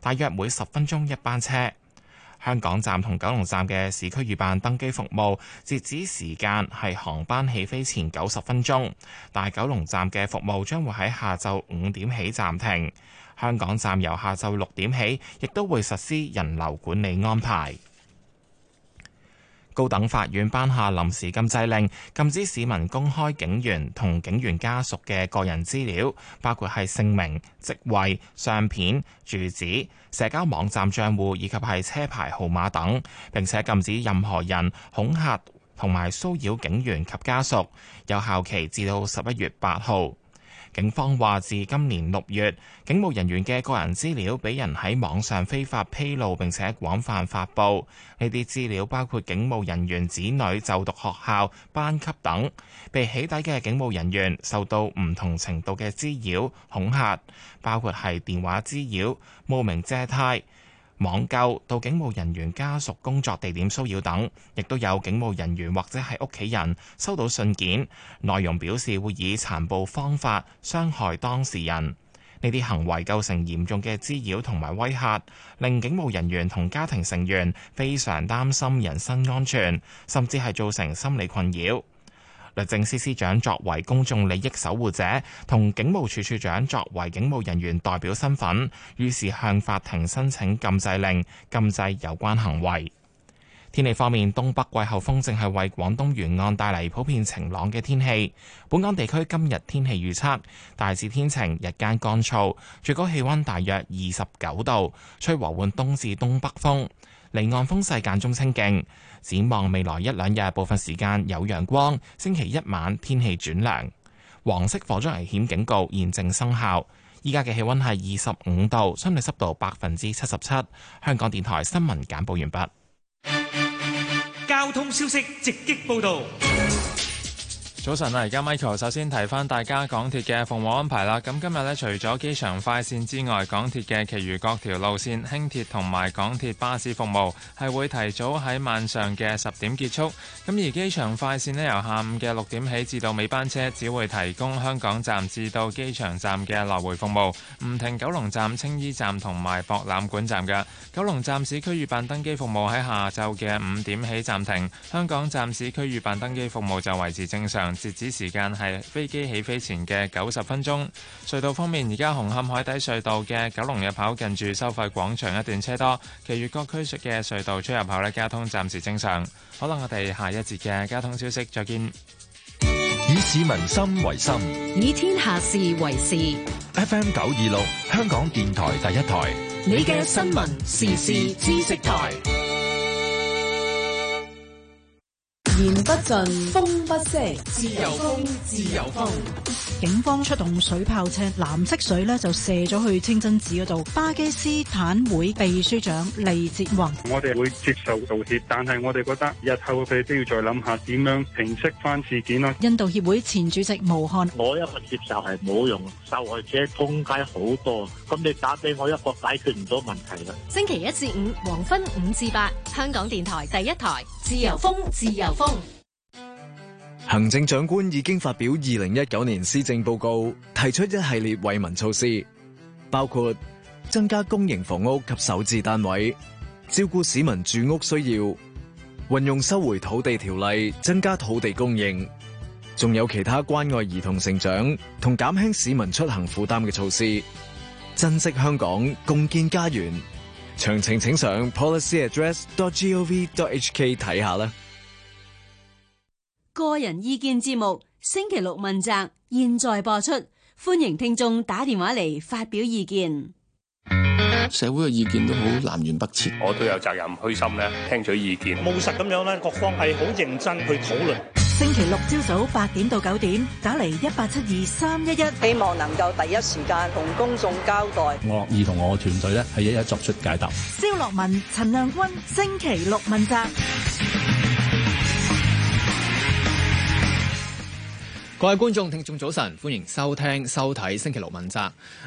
大約每十分鐘一班車。香港站同九龍站嘅市區預辦登機服務截止時間係航班起飛前九十分鐘，但九龍站嘅服務將會喺下晝五點起暫停。香港站由下晝六點起，亦都會實施人流管理安排。高等法院頒下臨時禁制令，禁止市民公開警員同警員家屬嘅個人資料，包括係姓名、職位、相片、住址、社交網站賬戶以及係車牌號碼等，並且禁止任何人恐嚇同埋騷擾警員及家屬，有效期至到十一月八號。警方話，自今年六月，警務人員嘅個人資料俾人喺網上非法披露並且廣泛發布，呢啲資料包括警務人員子女就讀學校、班級等。被起底嘅警務人員受到唔同程度嘅滋擾、恐嚇，包括係電話滋擾、冒名借貸、網購到警務人員家屬工作地點騷擾等，亦都有警務人員或者係屋企人收到信件，內容表示會以殘暴方法傷害當事人。呢啲行為構成嚴重嘅滋擾同埋威嚇，令警務人員同家庭成員非常擔心人身安全，甚至係造成心理困擾。律政司司長作為公眾利益守護者，同警務處處長作為警務人員代表身份，於是向法庭申請禁制令，禁制有關行為。天氣方面，東北季候風正係為廣東沿岸帶嚟普遍晴朗嘅天氣。本港地區今日天氣預測大致天晴，日間乾燥，最高氣溫大約二十九度，吹和緩東至東北風，離岸風勢間中清勁。展望未來一兩日，部分時間有陽光。星期一晚天氣轉涼。黃色火災危險警告現正生效。依家嘅氣溫係二十五度，相對濕度百分之七十七。香港電台新聞簡報完畢。交通消息直擊報道。早晨啊，而家 Michael 首先提翻大家港鐵嘅服務安排啦。咁今日咧，除咗機場快線之外，港鐵嘅其餘各條路線、輕鐵同埋港鐵巴士服務，係會提早喺晚上嘅十點結束。咁而機場快線咧，由下午嘅六點起至到尾班車只會提供香港站至到機場站嘅來回服務，唔停九龍站、青衣站同埋博覽館站嘅。九龍站市區預辦登機服務喺下晝嘅五點起暫停，香港站市區預辦登機服務就維持正常。截止時間係飛機起飛前嘅九十分鐘。隧道方面，而家紅磡海底隧道嘅九龍入口近住收費廣場一段車多，其餘各區出嘅隧道出入口呢，交通暫時正常。好啦，我哋下一節嘅交通消息再見。以市民心為心，以天下事為事。F M 九二六，香港電台第一台，你嘅新聞時事知識台。言不盡，風不，不息，自由風，自由風。警方出動水炮車，藍色水咧就射咗去清真寺嗰度。巴基斯坦會秘書長利哲宏，我哋會接受道歉，但係我哋覺得日後佢哋都要再諗下點樣平息翻事件咯。印度協會前主席武漢，我一個接受係冇用，受害者通街好多，咁你打俾我一個解決唔到問題啦。星期一至五，黃昏五至八，香港電台第一台，自由風，自由風。行政長官已經發表二零一九年施政報告，提出一系列惠民措施，包括增加公營房屋及首置單位，照顧市民住屋需要；運用收回土地條例，增加土地供應；仲有其他關愛兒童成長同減輕市民出行負擔嘅措施。珍惜香港，共建家園。詳情請上 policyaddress.gov.hk 睇下啦。個人意見節目星期六問責，現在播出，歡迎聽眾打電話嚟發表意見。社會嘅意見都好南轅北轍，我都有責任虛心呢，聽取意見，務實咁樣呢，各方係好認真去討論。星期六朝早八點到九點，打嚟一八七二三一一，希望能夠第一時間同公眾交代，我樂意同我嘅團隊呢，係一,一一作出解答。蕭洛汶、陳亮均，星期六問責。各位觀眾、聽眾早晨，歡迎收聽、收睇《星期六問責》。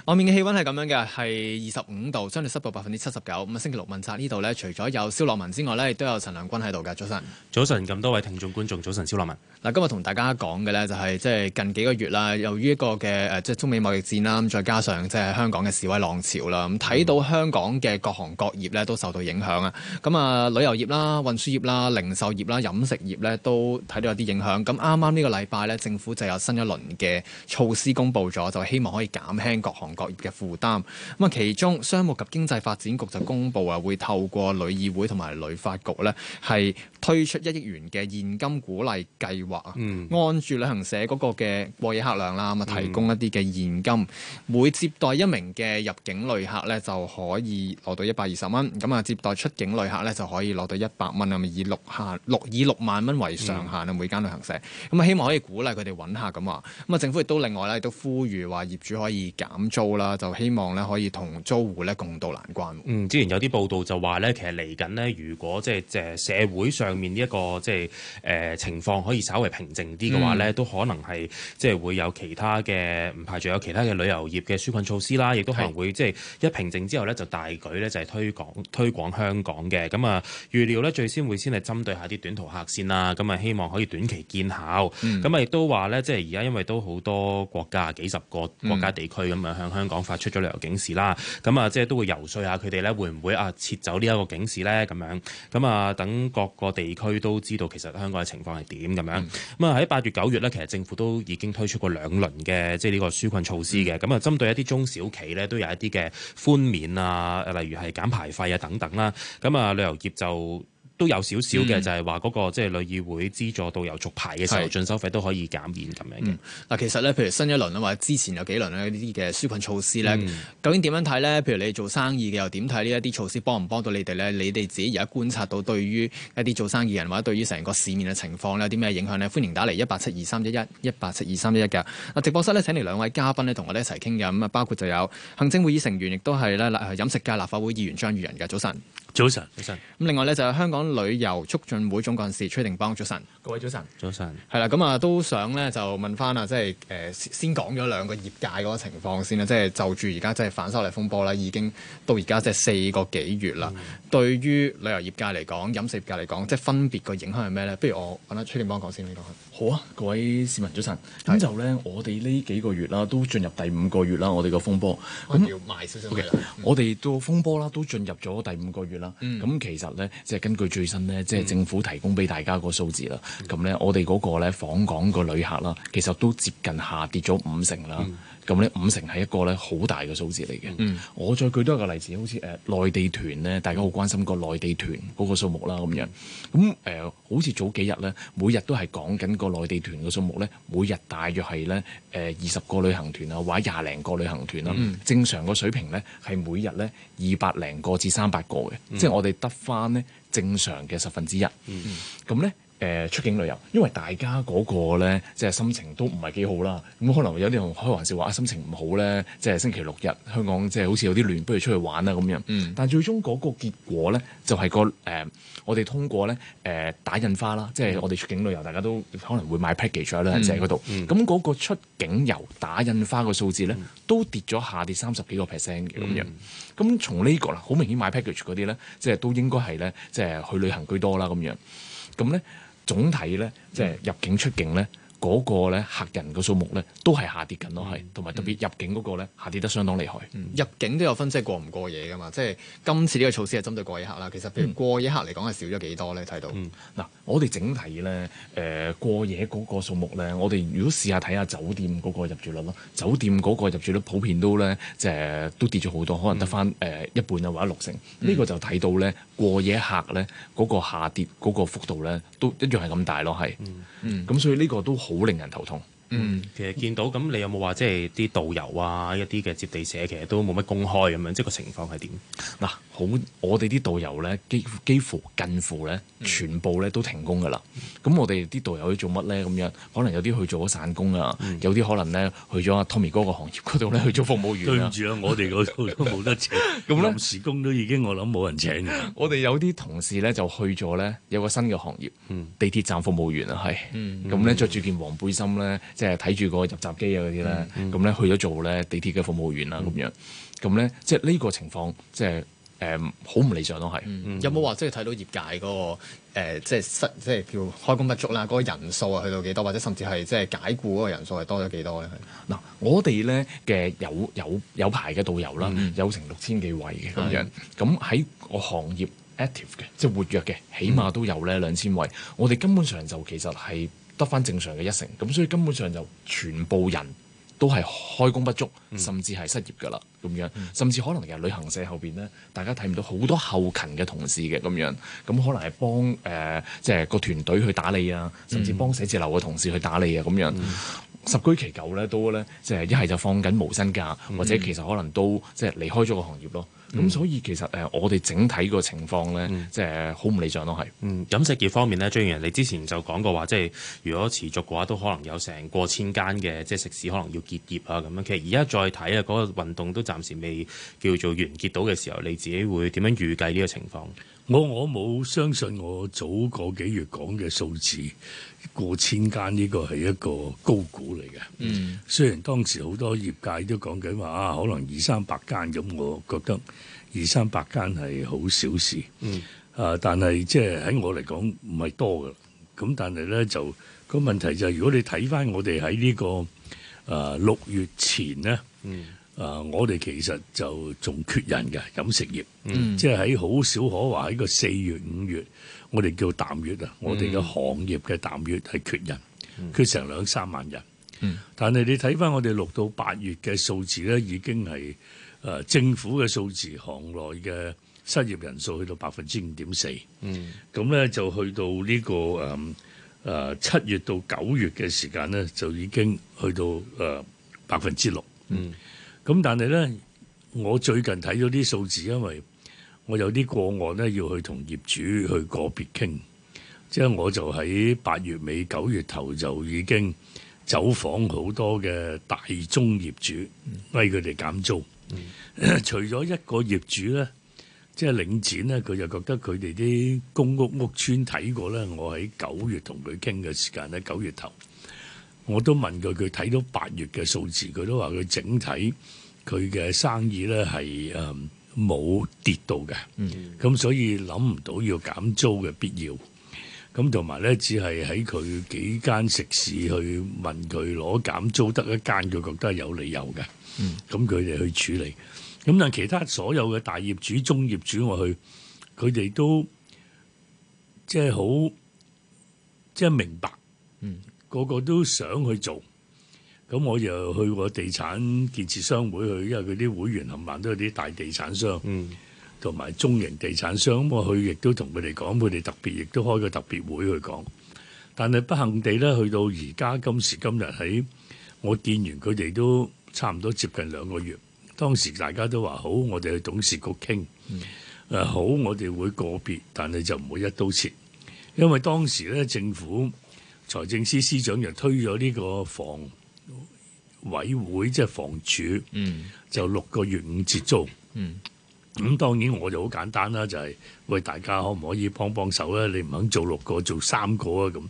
外面嘅氣温係咁樣嘅，係二十五度，相對濕度百分之七十九。咁啊，星期六問責呢度咧，除咗有蕭洛汶之外咧，亦都有陳亮均喺度嘅。早晨，早晨，咁多位聽眾、觀眾早晨，蕭洛汶。嗱，今日同大家講嘅咧，就係即係近幾個月啦，由於一個嘅誒，即係中美貿易戰啦，再加上即係香港嘅示威浪潮啦，咁睇到香港嘅各行各業咧都受到影響啊。咁啊、嗯，旅遊業啦、運輸業啦、零售業啦、飲食業咧都睇到有啲影響。咁啱啱呢個禮拜咧，政府，政府就有新一輪嘅措施公布咗，就希望可以減輕各行各業嘅負擔，咁啊，其中商務及經濟發展局就公布啊，會透過旅議會同埋旅發局咧，係推出一億元嘅現金鼓勵計劃，啊。按住旅行社嗰個嘅過夜客量啦，咁啊提供一啲嘅現金，每接待一名嘅入境旅客咧就可以攞到一百二十蚊，咁啊接待出境旅客咧就可以攞到一百蚊，咁啊以六下六以六萬蚊為上限啊，每間旅行社。咁啊希望可以鼓勵佢哋等咁話，咁啊政府亦都另外咧，亦都呼籲話業主可以減租啦，就希望咧可以同租戶咧共渡難關。嗯，之前有啲報道就話咧，其實嚟緊咧，如果即係即係社會上面呢一個即係誒情況可以稍微平靜啲嘅話咧，嗯、都可能係即係會有其他嘅，唔排除有其他嘅旅遊業嘅紓困措施啦，亦都可能會即係是一平靜之後咧，就大舉咧就係、是、推廣推廣香港嘅。咁啊預料咧，最先會先係針對下啲短途客先啦，咁啊希望可以短期見效。咁啊亦都話咧。即係而家，因為都好多國家，幾十個國家地區咁啊，嗯、向香港發出咗旅遊警示啦。咁啊，即係都會游說下佢哋咧，會唔會啊撤走呢一個警示咧？咁樣咁啊，等各個地區都知道其實香港嘅情況係點咁樣。咁啊、嗯，喺八月九月咧，其實政府都已經推出過兩輪嘅即係呢個紓困措施嘅。咁啊、嗯，針對一啲中小企咧，都有一啲嘅寬免啊，例如係減排費啊等等啦。咁啊，旅遊業就都有少少嘅、那個，就係話嗰個即係旅議會資助導遊續牌嘅時候是進收費都可以減免咁樣嘅。嗱，其實咧，譬如新一輪啊，或者之前有幾輪咧，呢啲嘅紓困措施咧，嗯、究竟點樣睇咧？譬如你做生意嘅又點睇呢一啲措施幫唔幫到你哋咧？你哋自己而家觀察到對於一啲做生意人或者對於成個市面嘅情況咧，有啲咩影響咧？歡迎打嚟一八七二三一一一八七二三一一嘅。嗱，直播室咧請嚟兩位嘉賓咧，同我哋一齊傾嘅。咁啊，包括就有行政會議成員，亦都係咧飲食界立法會議員張宇人嘅。早晨。早晨，早晨。咁另外咧就係香港旅遊促進會總幹事崔定邦，早晨。各位早晨，早晨。係啦，咁啊都想咧就問翻啊，即係誒先講咗兩個業界嗰個情況先啦，即係就住而家即係反修例風波咧，已經到而家即係四個幾月啦。嗯。對於旅遊業界嚟講，飲食業界嚟講，即係分別個影響係咩咧？不如我揾阿崔定邦講先。你講下。好啊，各位市民早晨。咁的就咧，我哋呢幾個月啦、啊，都進入第五個月啦、啊，我哋個風波。的我哋要賣少少。o 我哋都風波啦、啊，都進入咗第五個月啦、啊。咁、嗯、其實咧，即、就、係、是、根據最新咧，即、就、係、是、政府提供俾大家個數字啦。咁咧、嗯，我哋嗰個咧訪港個旅客啦，其實都接近下跌咗五成啦。嗯咁咧五成係一個咧好大嘅數字嚟嘅，嗯、我再舉多一個例子，好似誒內地團咧，大家好關心個內地團嗰個數目啦，咁樣，咁誒、呃、好似早幾日咧，每日都係講緊個內地團嘅數目咧，每日大約係咧誒二十個旅行團啊，或者廿零個旅行團啦，嗯、正常個水平咧係每日咧二百零個至三百個嘅，即係、嗯、我哋得翻咧正常嘅十分之一，咁咧、嗯。誒出境旅遊，因為大家嗰個咧，即係心情都唔係幾好啦。咁可能有啲人開玩笑話啊，心情唔好咧，即係星期六日，香港即係好似有啲亂，不如出去玩啦咁樣。但係最終嗰個結果咧，就係、是、個誒、呃，我哋通過咧誒打印花啦，即係我哋出境旅遊，大家都可能會買 package 旅行社嗰度、嗯。嗯。咁嗰個出境遊打印花個數字咧，嗯、都跌咗下跌三十幾個 percent 嘅咁樣。咁、嗯、從呢、這個啦，好明顯買 package 嗰啲咧，即係都應該係咧，即係去旅行居多啦咁樣。咁咧。總體咧，即係入境出境咧，嗰、那個咧客人個數目咧，都係下跌緊咯，係同埋特別入境嗰個咧，下跌得相當厲害。嗯、入境都有分即析過唔過夜噶嘛，即係今次呢個措施係針對過夜客啦。其實譬如過夜客嚟講係少咗幾多咧？睇到嗱，我哋整體咧，誒、呃、過夜嗰個數目咧，我哋如果試下睇下酒店嗰個入住率咯，酒店嗰個入住率普遍都咧，即、就、係、是、都跌咗好多，可能得返誒一半啊或者六成，呢、嗯、個就睇到咧。過夜客咧，嗰、嗰個下跌嗰個幅度咧，都一樣係咁大咯，係、嗯。嗯，咁所以呢個都好令人頭痛。嗯，其實見到咁，你有冇話即係啲導遊啊，一啲嘅接地社其實都冇乜公開咁樣，即係個情況係點？嗱，好，我哋啲導遊咧，幾幾乎近乎咧，全部咧都停工㗎啦。咁我哋啲導遊去做乜咧？咁樣可能有啲去做咗散工啊，有啲可能咧去咗阿 Tommy 哥個行業嗰度咧去做服務員。對唔住啊，我哋嗰度都冇得請，咁臨時工都已經我諗冇人請。我哋有啲同事咧就去咗咧有個新嘅行業，地鐵站服務員啊，係。咁咧着住件黃背心咧。即係睇住個入閘機啊嗰啲咧，咁咧去咗做咧地鐵嘅服務員啦，咁樣，咁咧即係呢個情況，即係誒好唔理想都係。有冇話即係睇到業界嗰個即係失，即係叫開工不足啦，嗰個人數啊去到幾多，或者甚至係即係解僱嗰個人數係多咗幾多咧？嗱，我哋咧嘅有有有排嘅導遊啦，有成六千幾位嘅咁樣，咁喺個行業 active 嘅，即係活躍嘅，起碼都有咧兩千位。我哋根本上就其實係。得翻正常嘅一成，咁所以根本上就全部人都係開工不足，嗯、甚至係失業噶啦，咁樣，嗯、甚至可能係旅行社後邊咧，大家睇唔到好多後勤嘅同事嘅咁樣，咁可能係幫誒即係個團隊去打理啊，甚至幫寫字樓嘅同事去打理啊，咁樣、嗯、十居其九咧都咧即係一係就放緊無薪假，嗯、或者其實可能都即係離開咗個行業咯。咁所以其實誒，我哋整體個情況咧，嗯、即係好唔理想都係。嗯，飲食業方面咧，張宇人你之前就講過話，即係如果持續嘅話，都可能有成過千間嘅，即係食肆可能要結業啊咁樣。其實而家再睇啊，嗰、那個運動都暫時未叫做完結到嘅時候，你自己會點樣預計呢個情況？我我冇相信我早嗰幾月講嘅數字，過千間呢個係一個高估嚟嘅。嗯，雖然當時好多業界都講緊話啊，可能二三百間咁，我覺得二三百間係好小事。嗯，啊，但係即係喺我嚟講唔係多嘅。咁但係咧就、個問題就係、是、如果你睇翻我哋喺呢個啊六月前咧。嗯啊、呃！我哋其實就仲缺人嘅飲食業，嗯、即係喺好少可話喺個四月五月，我哋叫淡月啊！嗯、我哋嘅行業嘅淡月係缺人，缺成兩三萬人。嗯、但係你睇返我哋六到八月嘅數字咧，已經係啊、呃、政府嘅數字，行內嘅失業人數去到百分之五點四。嗯，咁咧就去到呢、呢個誒誒七月到九月嘅時間咧，就已經去到誒百分之六。呃、嗯。咁但係咧，我最近睇咗啲數字，因為我有啲個案咧，要去同業主去個別傾，即係我就喺八月尾九月頭就已經走訪好多嘅大中業主，為佢哋減租。嗯、除咗一個業主咧，即係領展咧，佢就覺得佢哋啲公屋屋邨睇過咧，我喺九月同佢傾嘅時間咧，九月頭，我都問佢，佢睇到八月嘅數字，佢都話佢整體。佢嘅生意咧係誒冇跌到嘅，咁所以諗唔到要減租嘅必要。咁同埋咧，只係喺佢幾間食肆去問佢攞減租，得一間佢覺得係有理由嘅，咁佢哋去處理。咁但係其他所有嘅大業主、中業主我去，佢哋都即係好即係明白。嗯，個個都想去做。咁我又去過地產建設商會去，因為佢啲會員冚唪都有啲大地產商，同埋、嗯、中型地產商。咁我去亦都同佢哋講，佢哋特別亦都開個特別會去講。但係不幸地咧，去到而家今時今日喺我見完佢哋都差唔多接近兩個月。當時大家都話好，我哋去董事局傾誒、嗯啊、好，我哋會個別，但係就唔會一刀切，因為當時咧政府財政司司長又推咗呢個房。委會即係房主，嗯、就六個月五折租。咁、嗯、當然我就好簡單啦，就係、是、喂，大家可唔可以幫幫手咧？你唔肯做六個，做三個啊？咁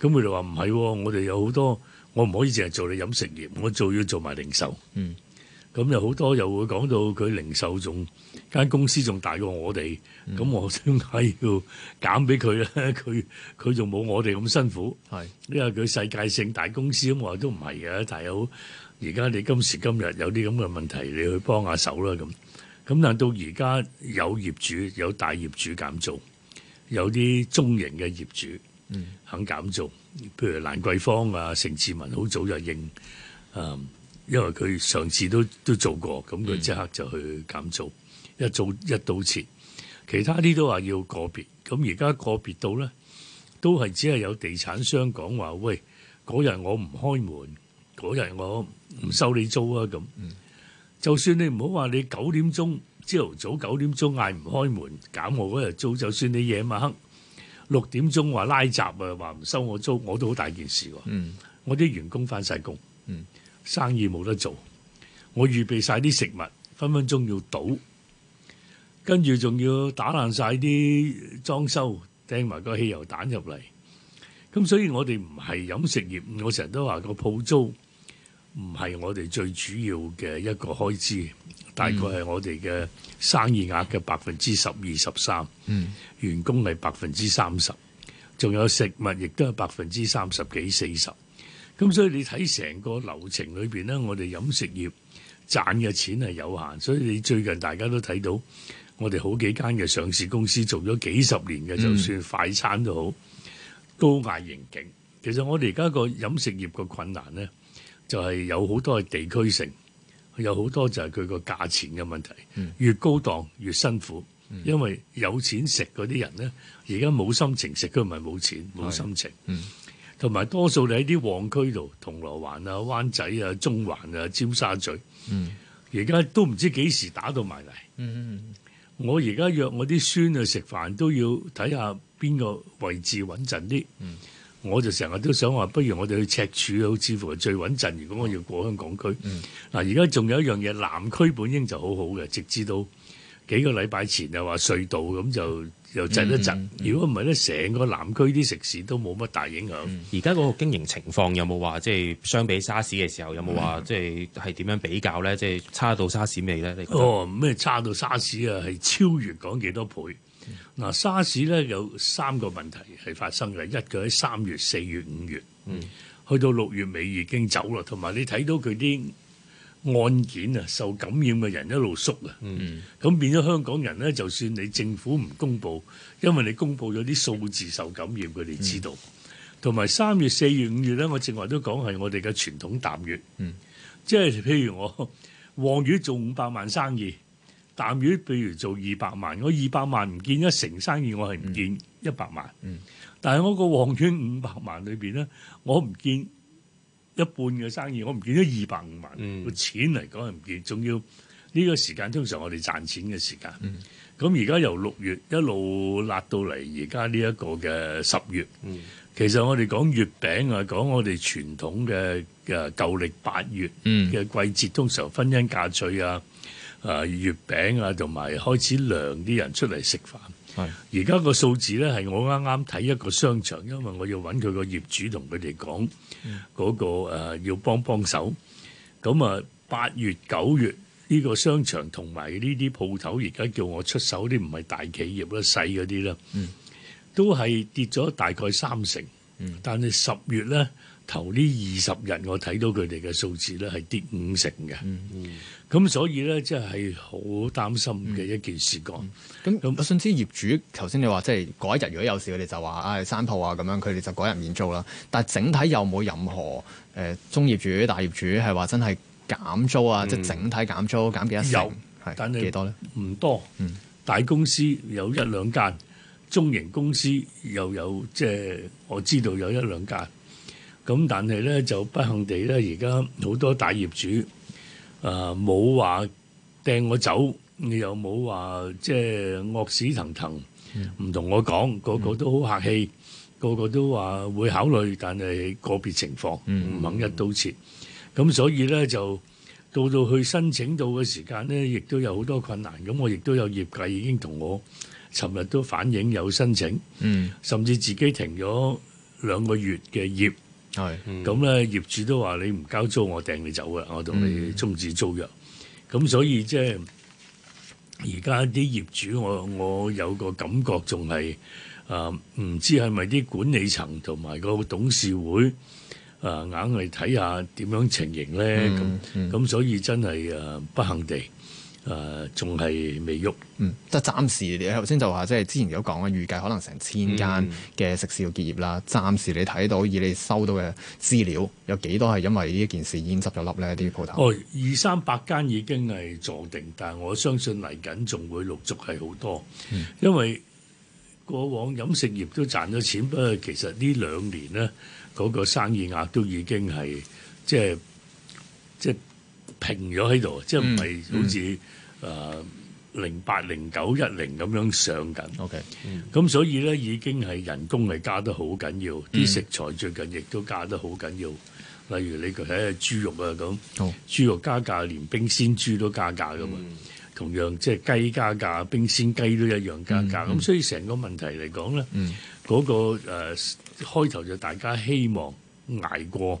咁佢哋話唔係喎，我哋有好多，我唔可以淨係做你飲食業，我做要做埋零售。嗯。咁有好多又會講到佢零售仲間公司仲大過我哋，咁、嗯、我點解要減俾佢咧？佢佢仲冇我哋咁辛苦，係是因為佢世界性大公司咁，我都唔係嘅。但有而家你今時今日有啲咁嘅問題，你去幫下手啦咁。咁但到而家有業主有大業主減做，有啲中型嘅業主肯減做，嗯、譬如蘭桂坊啊、盛智文好早就應啊。嗯因為佢上次都都做過，咁佢即刻就去減租。嗯、一做一刀切。其他啲都話要個別。咁而家個別到咧，都係只係有地產商講話，喂，嗰日我唔開門，嗰日我唔收你租啊！咁、嗯，就算你唔好話你九點鐘朝頭早九點鐘嗌唔開門減我嗰日租，就算你夜晚黑六點鐘話拉閘啊，話唔收我租，我都好大件事喎。嗯、我啲員工返晒工。嗯生意冇得做，我預備晒啲食物，分分鐘要倒，跟住仲要打爛晒啲裝修，掟埋個汽油彈入嚟。咁所以，我哋唔係飲食業，我成日都話個鋪租唔係我哋最主要嘅一個開支，大概係我哋嘅生意額嘅百分之十二十三。嗯，員工係百分之三十，仲有食物亦都係百分之三十幾四十。咁、嗯、所以你睇成個流程裏邊咧，我哋飲食業賺嘅錢係有限，所以你最近大家都睇到，我哋好幾間嘅上市公司做咗幾十年嘅，就算快餐都好，都挨刑警。其實我哋而家個飲食業個困難咧，就係、是、有好多係地區性，有好多就係佢個價錢嘅問題，越高檔越辛苦，因為有錢食嗰啲人咧，而家冇心情食，佢唔係冇錢冇是心情。嗯同埋多數你喺啲旺區度，銅鑼灣啊、灣仔啊、中環啊、尖沙咀，而家、嗯、都唔知幾時打到埋嚟。嗯嗯、我而家約我啲孫去食飯，都要睇下邊個位置穩陣啲。嗯、我就成日都想話，不如我哋去赤柱，好似乎最穩陣。如果我要過香港區，嗱、嗯，而家仲有一樣嘢，南區本應就好好嘅，直至到幾個禮拜前就話隧道咁就。又震一震，如果唔係咧，成、 嗯嗯、個南區啲食肆都冇乜大影響、嗯。而家嗰個經營情況有冇話即係相比沙士嘅時候有冇話即係係點樣比較咧？即係差到沙士未咧？你覺得？哦，咩差到沙士啊？係超越講幾多倍？嗱、嗯啊，沙士咧有三個問題係發生嘅，一個喺三月、四月、五月，嗯，去到六月尾已經走咯，同埋你睇到佢啲。案件啊，受感染嘅人一路縮，啊、嗯，咁變咗香港人咧，就算你政府唔公布，因為你公布咗啲數字受感染，佢哋、嗯、知道。同埋三月、四月、五月咧，我正話都講係我哋嘅傳統淡月，嗯、即係譬如我旺月做五百萬生意，淡月譬如做二百萬，我二百萬唔見一成生意我，我係唔見一百萬。但係我個旺月五百萬裏邊咧，我唔見。一半嘅生意，我唔見咗二百五萬。個、嗯、錢嚟講係唔見，仲要呢個時間通常我哋賺錢嘅時間。咁而家由六月一路辣到嚟，而家呢一個嘅十月，嗯、其實我哋講月餅啊，講我哋傳統嘅嘅舊曆八月嘅季節，嗯、通常婚姻嫁娶啊，啊月餅啊，同埋開始涼啲人出嚟食飯。係而家個數字咧，係我啱啱睇一個商場，因為我要揾佢個業主同佢哋講嗰個誒、呃，要幫幫手。咁啊，八月、九月呢、這個商場同埋呢啲鋪頭，而家叫我出手啲唔係大企業啦，細嗰啲啦，嗯、都係跌咗大概三成。但係十月咧。頭呢二十日，我睇到佢哋嘅數字咧係跌五成嘅。咁、嗯、所以咧，真係好擔心嘅一件事。咁、嗯嗯、我想知業主頭先你話，即係嗰一日，如果有事，佢哋就話唉，閂、哎、鋪啊咁樣，佢哋就嗰日免租啦。但係整體有冇任何誒、呃、中業主、大業主係話真係減租啊？嗯、即係整體減租減幾多？有係幾是但是 多咧？唔多。大公司有一兩間，嗯、中型公司又有，即係我知道有一兩間。咁但係咧就不幸地咧，而家好多大業主啊，冇話掟我走，又冇話即係惡屎騰騰，唔同我講，個個都好客氣，個個都話會考慮，但係個別情況唔肯一刀切。咁所以咧就到到去申請到嘅時間咧，亦都有好多困難。咁我亦都有業界已經同我尋日都反映有申請，嗯，甚至自己停咗兩個月嘅業。係，咁咧、嗯、業主都話你唔交租，我掟你走嘅，我同你終止租約。咁、嗯、所以即係而家啲業主，我我有個感覺仲係啊，唔、呃、知係咪啲管理層同埋個董事會啊，硬係睇下點樣情形咧。咁咁、嗯嗯、所以真係啊，不幸地。誒，仲係、呃、未喐，嗯，但係暫時你頭先就話，即係之前有講嘅預計，可能成千間嘅食肆要結業啦。嗯、暫時你睇到以你收到嘅資料，有幾多係因為呢件事已經執咗笠呢啲鋪頭哦？二三百間已經係坐定，但係我相信嚟緊仲會陸續係好多，嗯、因為過往飲食業都賺咗錢，不過其實呢兩年呢，嗰、嗰個生意額都已經係即係即，即。平咗喺度，即係唔係好似誒零八、零九、一零咁樣上緊。OK，咁所以咧，已經係人工係加得好緊要，啲食材最近亦都加得好緊要。例如你睇下豬肉啊，咁豬肉加價連冰鮮豬都加價噶嘛。同樣即係雞加價，冰鮮雞都一樣加價。咁所以成個問題嚟講咧，嗰個誒開頭就大家希望捱過。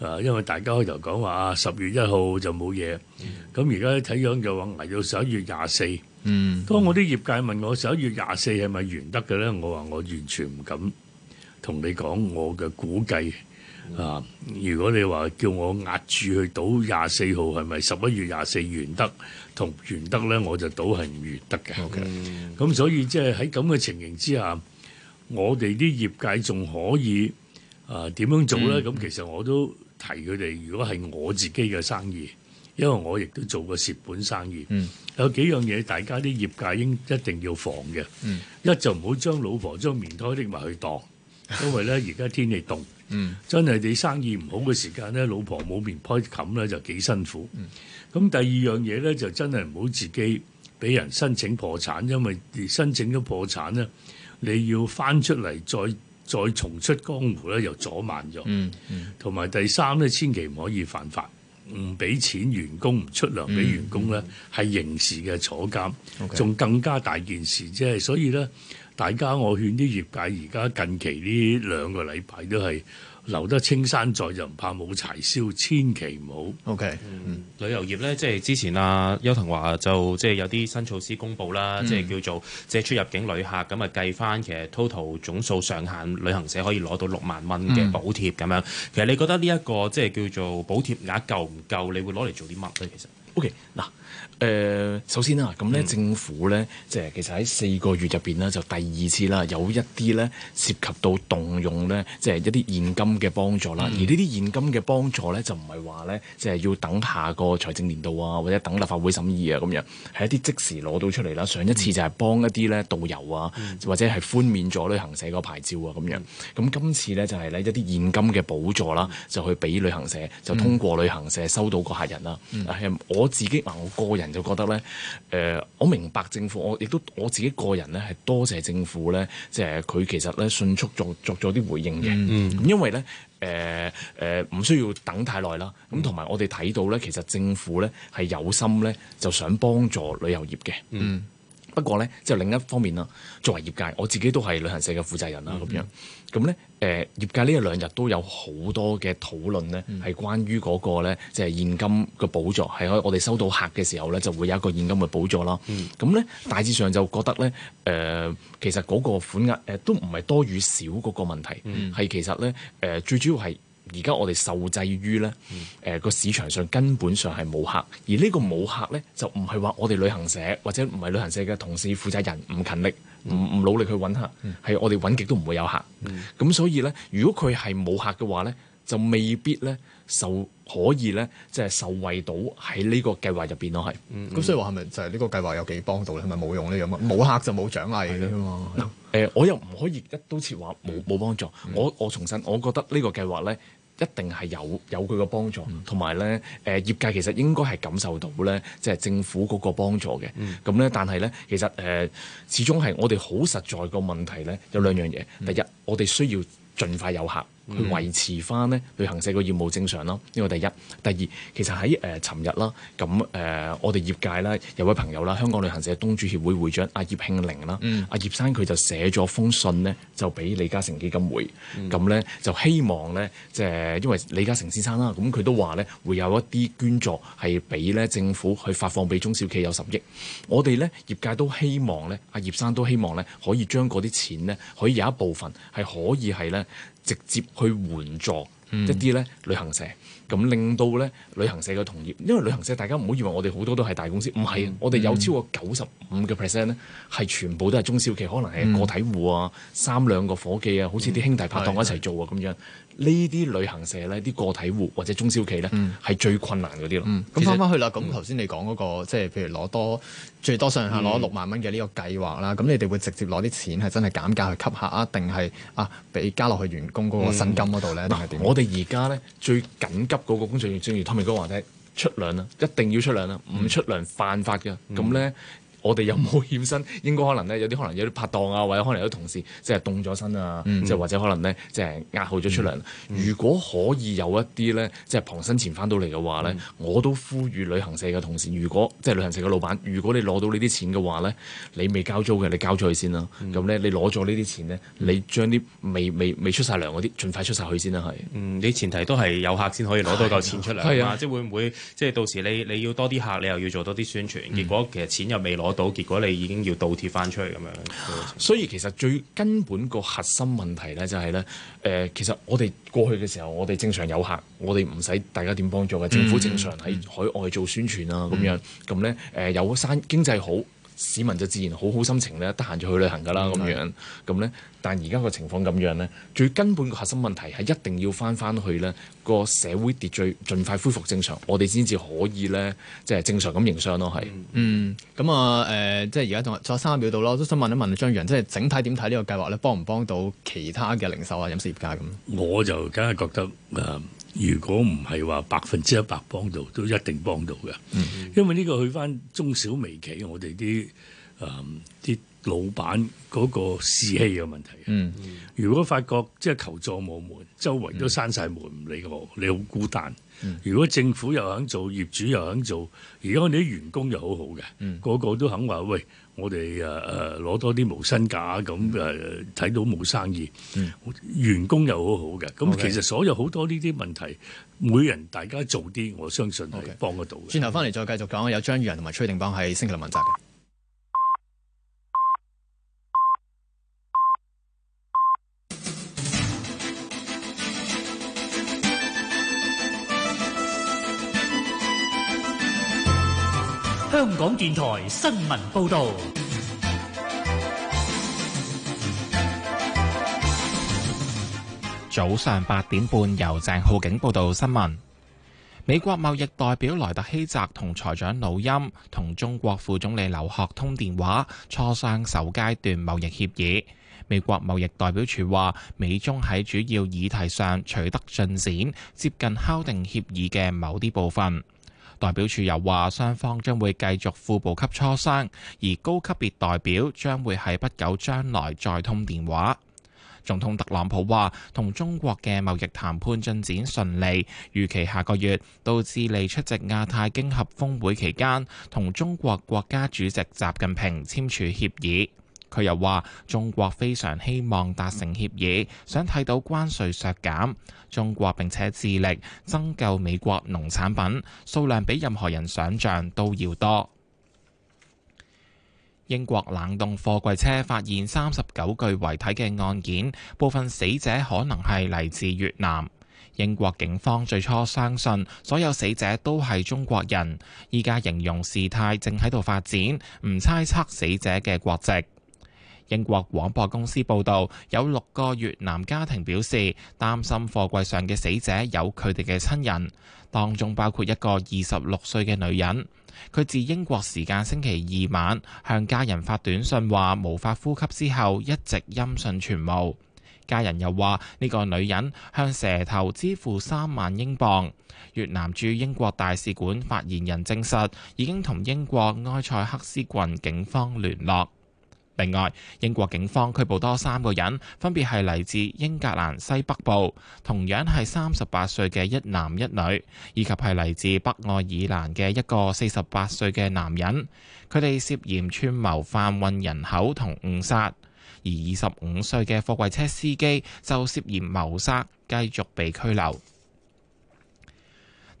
啊，因為大家開頭講話啊，十月一號就冇嘢，咁而家睇樣就話捱到十一月廿四。嗯，24，嗯當我啲業界問我十一月廿四係咪完得嘅咧，我話我完全唔敢同你講我嘅估計。嗯、啊，如果你話叫我壓住去賭廿四號係咪十一月廿四完得同完得咧，我就賭係唔完得嘅。OK，咁所以即係喺咁嘅情形之下，我哋啲業界仲可以啊點、呃、樣做咧？咁其實我都。嗯提佢哋，如果係我自己嘅生意，因為我亦都做過蝕本生意，嗯、有幾樣嘢大家啲業界應一定要防嘅。嗯、一就唔好將老婆將棉胎拎埋去當， 因為咧而家天氣凍，嗯、真係你生意唔好嘅時間咧，嗯、老婆冇棉胎冚咧就幾辛苦。咁、嗯、第二樣嘢咧就真係唔好自己俾人申請破產，因為申請咗破產咧，你要翻出嚟再。再重出江湖咧，又阻慢咗、嗯。嗯嗯，同埋第三咧，千祈唔可以犯法，唔俾錢員工，唔出糧俾員工咧，係、嗯、刑事嘅坐監，仲 Okay. 更加大件事。即係所以咧，大家我勸啲業界而家近期呢兩個禮拜都係。留得青山在，就唔怕冇柴燒。千祈唔好。OK，嗯，旅遊業咧，即係之前啊，邱騰華就即係有啲新措施公布啦，嗯、即係叫做借出入境旅客咁啊，計返其實 Total 總數上限，旅行社可以攞到六萬蚊嘅補貼咁樣。其實你覺得呢、這、一個即係叫做補貼額夠唔夠？你會攞嚟做啲乜咧？其實？O.K. 嗱、呃，誒首先啊，咁咧、嗯、政府咧，即係其實喺四個月入邊咧，就第二次啦，有一啲咧涉及到動用咧，即、就、係、是、一啲現金嘅幫助啦。嗯、而呢啲現金嘅幫助咧，就唔係話咧，即係要等下個財政年度啊，或者等立法會審議啊，咁樣係一啲即時攞到出嚟啦。上一次就係幫一啲咧導遊啊，嗯、或者係寬免咗旅行社個牌照啊，咁樣。咁今次咧就係咧一啲現金嘅補助啦，就去俾旅行社，就通過旅行社、嗯、收到個客人啦。嗯我自己話，我個人就覺得咧，誒、呃，我明白政府，我亦都我自己個人咧，係多謝政府咧，即係佢其實咧迅速作作咗啲回應嘅，咁因為咧，誒、呃、誒，唔、呃、需要等太耐啦。咁同埋我哋睇到咧，其實政府咧係有心咧，就想幫助旅遊業嘅。嗯。不過咧，就另一方面啦，作為業界，我自己都係旅行社嘅負責人啦，咁樣、嗯嗯，咁咧，誒、呃，業界呢一兩日都有好多嘅討論咧，係、嗯、關於嗰個咧，即、就、係、是、現金嘅補助，係我我哋收到客嘅時候咧，就會有一個現金嘅補助啦。咁咧、嗯，大致上就覺得咧，誒、呃，其實嗰個款額誒都唔係多與少嗰個問題，係、嗯、其實咧，誒、呃，最主要係。而家我哋受制於咧，誒個市場上根本上係冇客，而呢個冇客咧就唔係話我哋旅行社或者唔係旅行社嘅同事負責人唔勤力，唔唔、嗯、努力去揾客，係我哋揾極都唔會有客。咁、嗯、所以咧，如果佢係冇客嘅話咧，就未必咧受可以咧即係受惠到喺呢個計劃入邊咯，係、嗯。咁所以話係咪就係呢個計劃有幾幫到咧？係咪冇用呢？咁啊冇客就冇獎勵㗎嘛的的、呃、我又唔可以一刀切話冇冇幫助。嗯、我我重申，我覺得呢個計劃咧。一定係有有佢嘅幫助，同埋咧誒，業界其實應該係感受到咧，即係政府嗰個幫助嘅。咁咧、嗯，但係咧，其實誒、呃，始終係我哋好實在個問題咧，有兩樣嘢。嗯、第一，我哋需要盡快有客，去維持翻咧旅行社個業務正常咯，呢個第一。第二，其實喺誒尋日啦，咁、呃、誒我哋業界咧有位朋友啦，香港旅行社東主協會會長阿、啊、葉慶玲啦，阿、嗯啊、葉生佢就寫咗封信呢，就俾李嘉誠基金會咁咧，就希望咧，即係因為李嘉誠先生啦，咁佢都話咧會有一啲捐助係俾咧政府去發放俾中小企有十億。我哋咧業界都希望咧，阿、啊、葉生都希望咧可以將嗰啲錢咧可以有一部分係可以係咧。直接去援助一啲咧旅行社，咁、嗯、令到咧旅行社嘅同業。因為旅行社大家唔好以為我哋好多都係大公司，唔係，嗯、我哋有超過九十五嘅 percent 咧，係全部都係中小企，可能係個體戶啊，嗯、三兩個伙計啊，好似啲兄弟拍檔一齊做啊咁、嗯、樣。呢啲旅行社咧，啲個體戶或者中小企咧，係、嗯、最困難嗰啲咯。咁翻返去啦。咁頭先你講嗰、嗰個，即係、嗯、譬如攞多最多上下攞六萬蚊嘅呢個計劃啦。咁、嗯、你哋會直接攞啲錢係真係減價去吸客啊？定係啊俾加落去員工嗰個薪金嗰度咧？嗱、嗯啊，我哋而家咧最緊急嗰個工作員，正如 Tommy 哥話嘅，出糧啦，一定要出糧啦，唔、嗯、出糧犯法嘅。咁咧、嗯。嗯 我哋有冇欠薪？應該可能咧，有啲可能有啲拍檔啊，或者，嗯嗯或者可能有啲同事即係凍咗身啊，即係或者可能咧即係押後咗出糧。嗯嗯嗯如果可以有一啲咧，即係傍身錢翻到嚟嘅話咧，嗯嗯我都呼籲旅行社嘅同事，如果即係旅行社嘅老闆，如果你攞到呢啲錢嘅話咧，你未交租嘅，你交咗佢先啦。咁咧，你攞咗呢啲錢咧，你將啲未未未出晒糧嗰啲，盡快出晒佢先啦。係。嗯、你前提都係有客先可以攞到夠錢出嚟 啊即係、啊、會唔會即係到時你你要多啲客，你又要做多啲宣傳，結果其實錢又未攞。到結果你已經要倒貼翻出去，咁樣，所以其實最根本個核心問題咧就係、是、咧，誒、呃、其實我哋過去嘅時候，我哋正常有客，我哋唔使大家點幫助嘅，嗯、政府正常喺海外做宣傳啊，咁、嗯、樣咁咧誒有生經濟好。市民就自然好好心情咧，得閒就去旅行噶啦，咁樣咁咧。但而家個情況咁樣咧，最根本個核心問題係一定要翻翻去咧個社會秩序，盡快恢復正常，我哋先至可以咧，即係正常咁營商咯。係嗯，咁、嗯、啊，誒、嗯，即係而家仲有三十秒度咯，都想問一問張宇人，即係整體點睇呢個計劃咧，幫唔幫到其他嘅零售啊飲食業界咁？我就梗係覺得誒。如果唔係話百分之一百幫到，都一定幫到嘅。嗯嗯、因為呢個去返中小微企，我哋啲誒啲老闆嗰個士氣嘅問題。嗯嗯、如果發覺即係求助無門，周圍都閂晒門唔、嗯、理我，你好孤單。嗯、如果政府又肯做，業主又肯做，而家我哋啲員工又好好嘅，嗯、個個都肯話喂。我哋誒誒攞多啲無薪假咁誒，睇到冇生意，嗯、員工又好好嘅。咁其實所有好多呢啲問題，Okay. 每人大家做啲，我相信係幫得到。轉頭翻嚟再繼續講，有張宇人同埋崔定邦喺星期六問責嘅。香港電台新聞報道，早上八點半由鄭浩景報道新聞。美國貿易代表萊特希澤同財長努欽同中國副總理劉鶴通電話，磋商首階段貿易協議。美國貿易代表處話，美中喺主要議題上取得進展，接近敲定協議嘅某啲部分。代表處又話，雙方將會繼續副部級磋商，而高級別代表將會喺不久將來再通電話。總統特朗普話，同中國嘅貿易談判進展順利，預期下個月到智利出席亞太經合峰會期間，同中國國家主席習近平簽署協議。佢又話：中國非常希望達成協議，想睇到關稅削減。中國並且致力增購美國農產品，數量比任何人想像都要多。英國冷凍貨櫃車發現三十九具遺體嘅案件，部分死者可能係嚟自越南。英國警方最初相信所有死者都係中國人，依家形容事態正喺度發展，唔猜測死者嘅國籍。英國廣播公司報道，有六個越南家庭表示擔心貨櫃上嘅死者有佢哋嘅親人，當中包括一個二十六歲嘅女人。佢自英國時間星期二晚向家人發短信，話無法呼吸之後一直音訊全無。家人又話呢個女人向蛇頭支付三萬英鎊。越南駐英國大使館發言人證實，已經同英國埃塞克斯郡警方聯絡。另外，英國警方拘捕多三個人，分別係嚟自英格蘭西北部，同樣係三十八歲嘅一男一女，以及係嚟自北愛爾蘭嘅一個四十八歲嘅男人。佢哋涉嫌串謀販運人口同誤殺，而二十五歲嘅貨櫃車司機就涉嫌謀殺，繼續被拘留。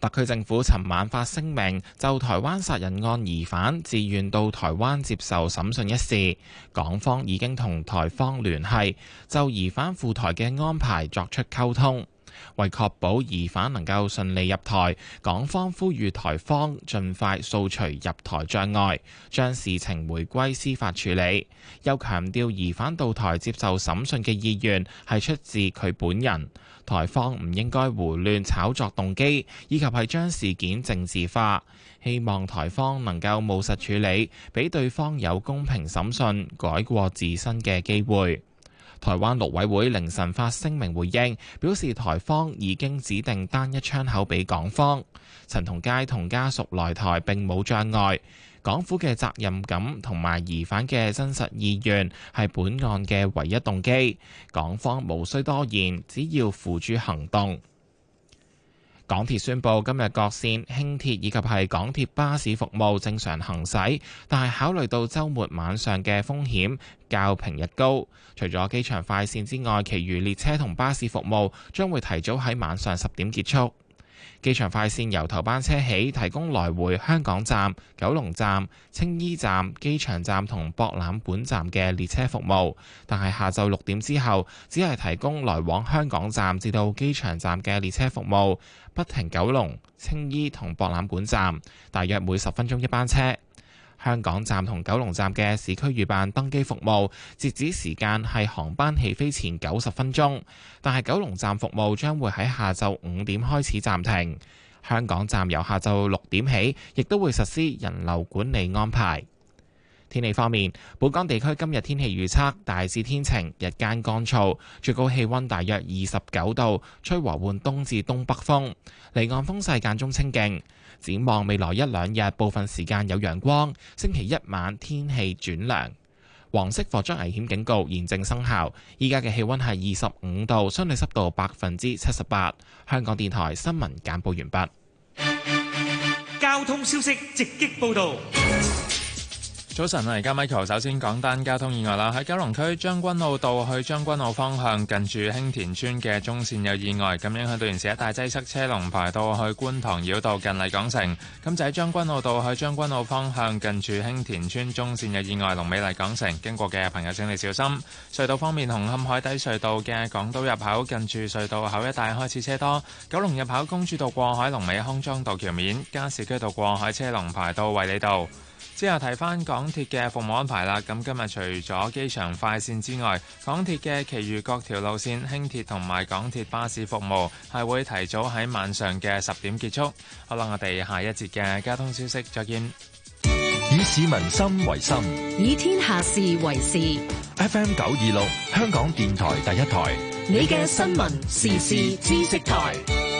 特區政府尋晚發聲明，就台灣殺人案疑犯自願到台灣接受審訊一事，港方已經同台方聯繫，就疑犯赴台嘅安排作出溝通。為確保疑犯能夠順利入台，港方呼籲台方盡快掃除入台障礙，將事情回歸司法處理。又強調疑犯到台接受審訊嘅意願係出自佢本人。台方唔應該胡亂炒作動機，以及係將事件政治化。希望台方能夠務實處理，俾對方有公平審訊、改過自身嘅機會。台灣陸委會凌晨發聲明回應，表示台方已經指定單一窗口俾港方，陳同佳同家屬來台並冇障礙。港府嘅責任感同埋疑犯嘅真實意願，係本案嘅唯一動機。港方無需多言，只要付諸行動。港鐵宣布今日各綫輕鐵以及係港鐵巴士服務正常行駛，但係考慮到周末晚上嘅風險較平日高，除咗機場快綫之外，其餘列車同巴士服務將會提早喺晚上十點結束。機場快線由頭班車起提供來回香港站、九龍站、青衣站、機場站同博覽館站嘅列車服務，但係下晝六點之後，只係提供來往香港站至到機場站嘅列車服務，不停九龍、青衣同博覽館站，大約每十分鐘一班車。香港站同九龍站嘅市區預辦登機服務，截止時間係航班起飛前九十分鐘。但係九龍站服務將會喺下晝五點開始暫停。香港站由下晝六點起，亦都會實施人流管理安排。天氣方面，本港地區今日天氣預測大致天晴，日間乾燥，最高氣溫大約二十九度，吹和緩東至東北風，離岸風勢間中清勁。展望未來一兩日，部分時間有陽光。星期一晚天氣轉涼。黃色火災危險警告現正生效。依家嘅氣溫係二十五度，相對濕度百分之七十八。香港電台新聞簡報完畢。交通消息直擊報道。早晨，我而家 Michael。首先講單交通意外啦，喺九龍區將軍澳道去將軍澳方向，近住興田村嘅中線有意外，咁影響到沿市一帶擠塞，車龍排到去觀塘繞道近麗港城。咁就喺將軍澳道去將軍澳方向，近住興田村中線有意外，龍尾麗港城，經過嘅朋友請你小心。隧道方面，紅磡海底隧道嘅港島入口近住隧道口一帶開始車多。九龍入口公主道過海，龍尾康莊道橋面，加士居道過海車龍排到衛理道。之後提翻港鐵嘅服務安排啦。咁今日除咗機場快線之外，港鐵嘅其餘各條路線、輕鐵同埋港鐵巴士服務係會提早喺晚上嘅十點結束。好啦，我哋下一節嘅交通消息，再見。以市民心為心，以天下事為事。FM 九二六，香港電台第一台，你嘅新聞時事知識台。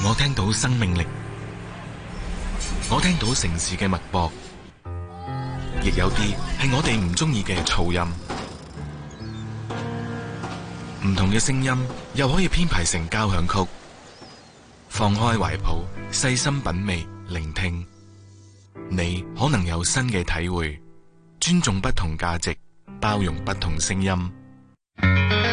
我聽到生命力，我聽到城市嘅脈搏，亦有啲係我哋唔中意嘅噪音。唔同嘅聲音又可以編排成交響曲。放開懷抱，細心品味，聆聽。你可能有新嘅體會。尊重不同價值，包容不同聲音。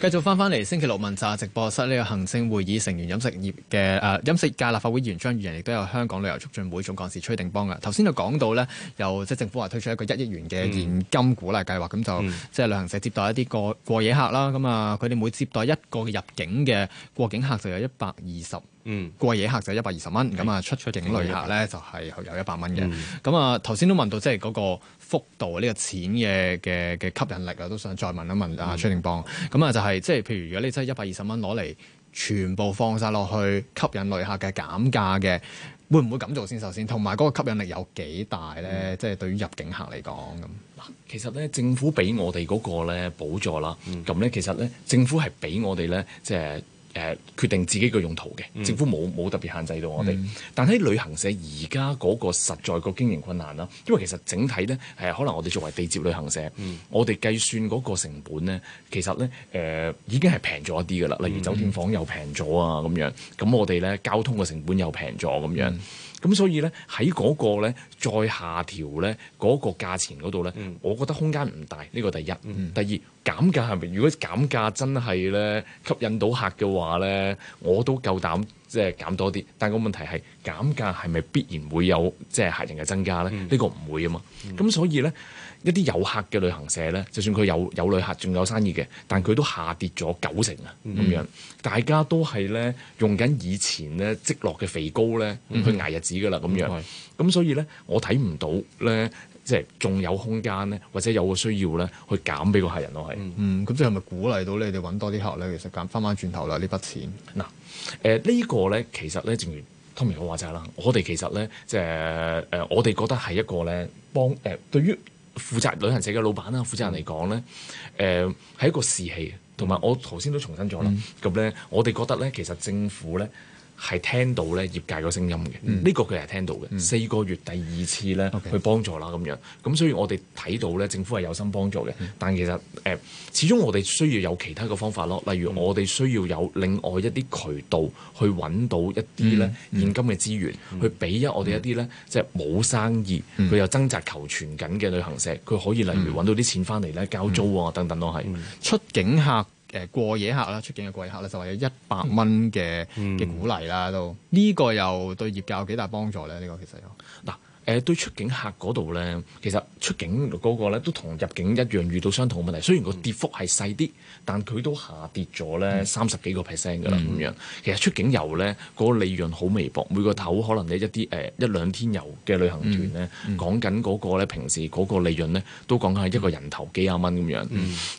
繼續翻翻嚟星期六問責直播室，呢個行政會議成員飲食業嘅誒、呃、飲食界立法會議員張宇人，亦都有香港旅遊促進會總幹事崔定邦。嘅頭先就講到呢由即政府話推出一個一億元嘅現金鼓勵計劃，咁、嗯、就、嗯、即係旅行社接待一啲過過夜客啦，咁啊佢哋每接待一個入境嘅過境客就有一百二十。嗯，過夜客就一百二十蚊，咁啊是是出出境旅客咧就係有一百蚊嘅。咁啊頭先都問到即係嗰個幅度呢、呢個錢嘅嘅嘅吸引力啊，我都想再問一問啊崔定邦。咁啊、嗯、就係即係譬如如果你真係一百二十蚊攞嚟全部放晒落去吸引旅客嘅減價嘅，會唔會咁做先？首先，同埋嗰個吸引力有幾大咧？即係、嗯、對於入境客嚟講咁。嗱，其實咧政府俾我哋嗰個咧補助啦，咁咧、嗯、其實咧政府係俾我哋咧即係。誒、呃、決定自己嘅用途嘅，政府冇冇特別限制到我哋。嗯、但喺旅行社而家嗰個實在個經營困難啦，因為其實整體咧誒、呃，可能我哋作為地接旅行社，嗯、我哋計算嗰個成本咧，其實咧誒、呃、已經係平咗一啲噶啦。例如酒店房又平咗啊，咁樣，咁我哋咧交通嘅成本又平咗咁樣。咁所以咧喺嗰個咧再下調咧嗰個價錢嗰度咧，嗯、我覺得空間唔大。呢個第一，嗯、第二減價係咪？如果減價真係咧吸引到客嘅話咧，我都夠膽即係減多啲。但個問題係減價係咪必然會有即係客人嘅增加咧？呢、嗯、個唔會啊嘛。咁、嗯、所以咧。一啲有客嘅旅行社咧，就算佢有有旅客，仲有生意嘅，但佢都下跌咗九成啊，咁、嗯、樣大家都係咧用緊以前咧積落嘅肥膏咧、嗯、去捱日子噶啦，咁樣咁、嗯、所以咧，我睇唔到咧，即係仲有空間咧，或者有個需要咧去減俾個客人咯，係咁即係咪鼓勵到你哋揾多啲客咧？其實減翻返轉頭啦，呢筆錢嗱誒、呃這個、呢個咧，其實咧，正如 Tommy 我話齋啦，我哋其實咧即係誒，我哋覺得係一個咧幫誒、呃、對於。負責旅行社嘅老闆啦，負責人嚟講咧，誒、呃、係一個士氣，同埋我頭先都重申咗啦，咁咧、嗯、我哋覺得咧，其實政府咧。係聽到咧業界嘅聲音嘅，呢、嗯、個佢係聽到嘅。四、嗯、個月第二次咧，Okay. 去幫助啦咁樣。咁所以我哋睇到咧，政府係有心幫助嘅。嗯、但其實誒、呃，始終我哋需要有其他嘅方法咯。例如我哋需要有另外一啲渠道去揾到一啲咧現金嘅資源，嗯嗯、去俾一我哋一啲咧即係冇生意佢又、嗯、掙扎求存緊嘅旅行社，佢可以例如揾到啲錢翻嚟咧交租啊、嗯、等等都係、嗯、出境客。誒、呃、過夜客啦，出境嘅過夜客啦，就話有一百蚊嘅嘅鼓勵啦，都、這、呢個又對業界有幾大幫助咧？呢、這個其實又嗱。誒，對出境客嗰度咧，其實出境嗰個咧都同入境一樣遇到相同問題。雖然個跌幅係細啲，但佢都下跌咗咧三十幾個 percent 㗎啦。咁樣其實出境遊咧嗰個利潤好微薄，每個頭可能你一啲誒一兩天遊嘅旅行團咧，講緊嗰個咧平時嗰個利潤咧都講緊係一個人頭幾廿蚊咁樣。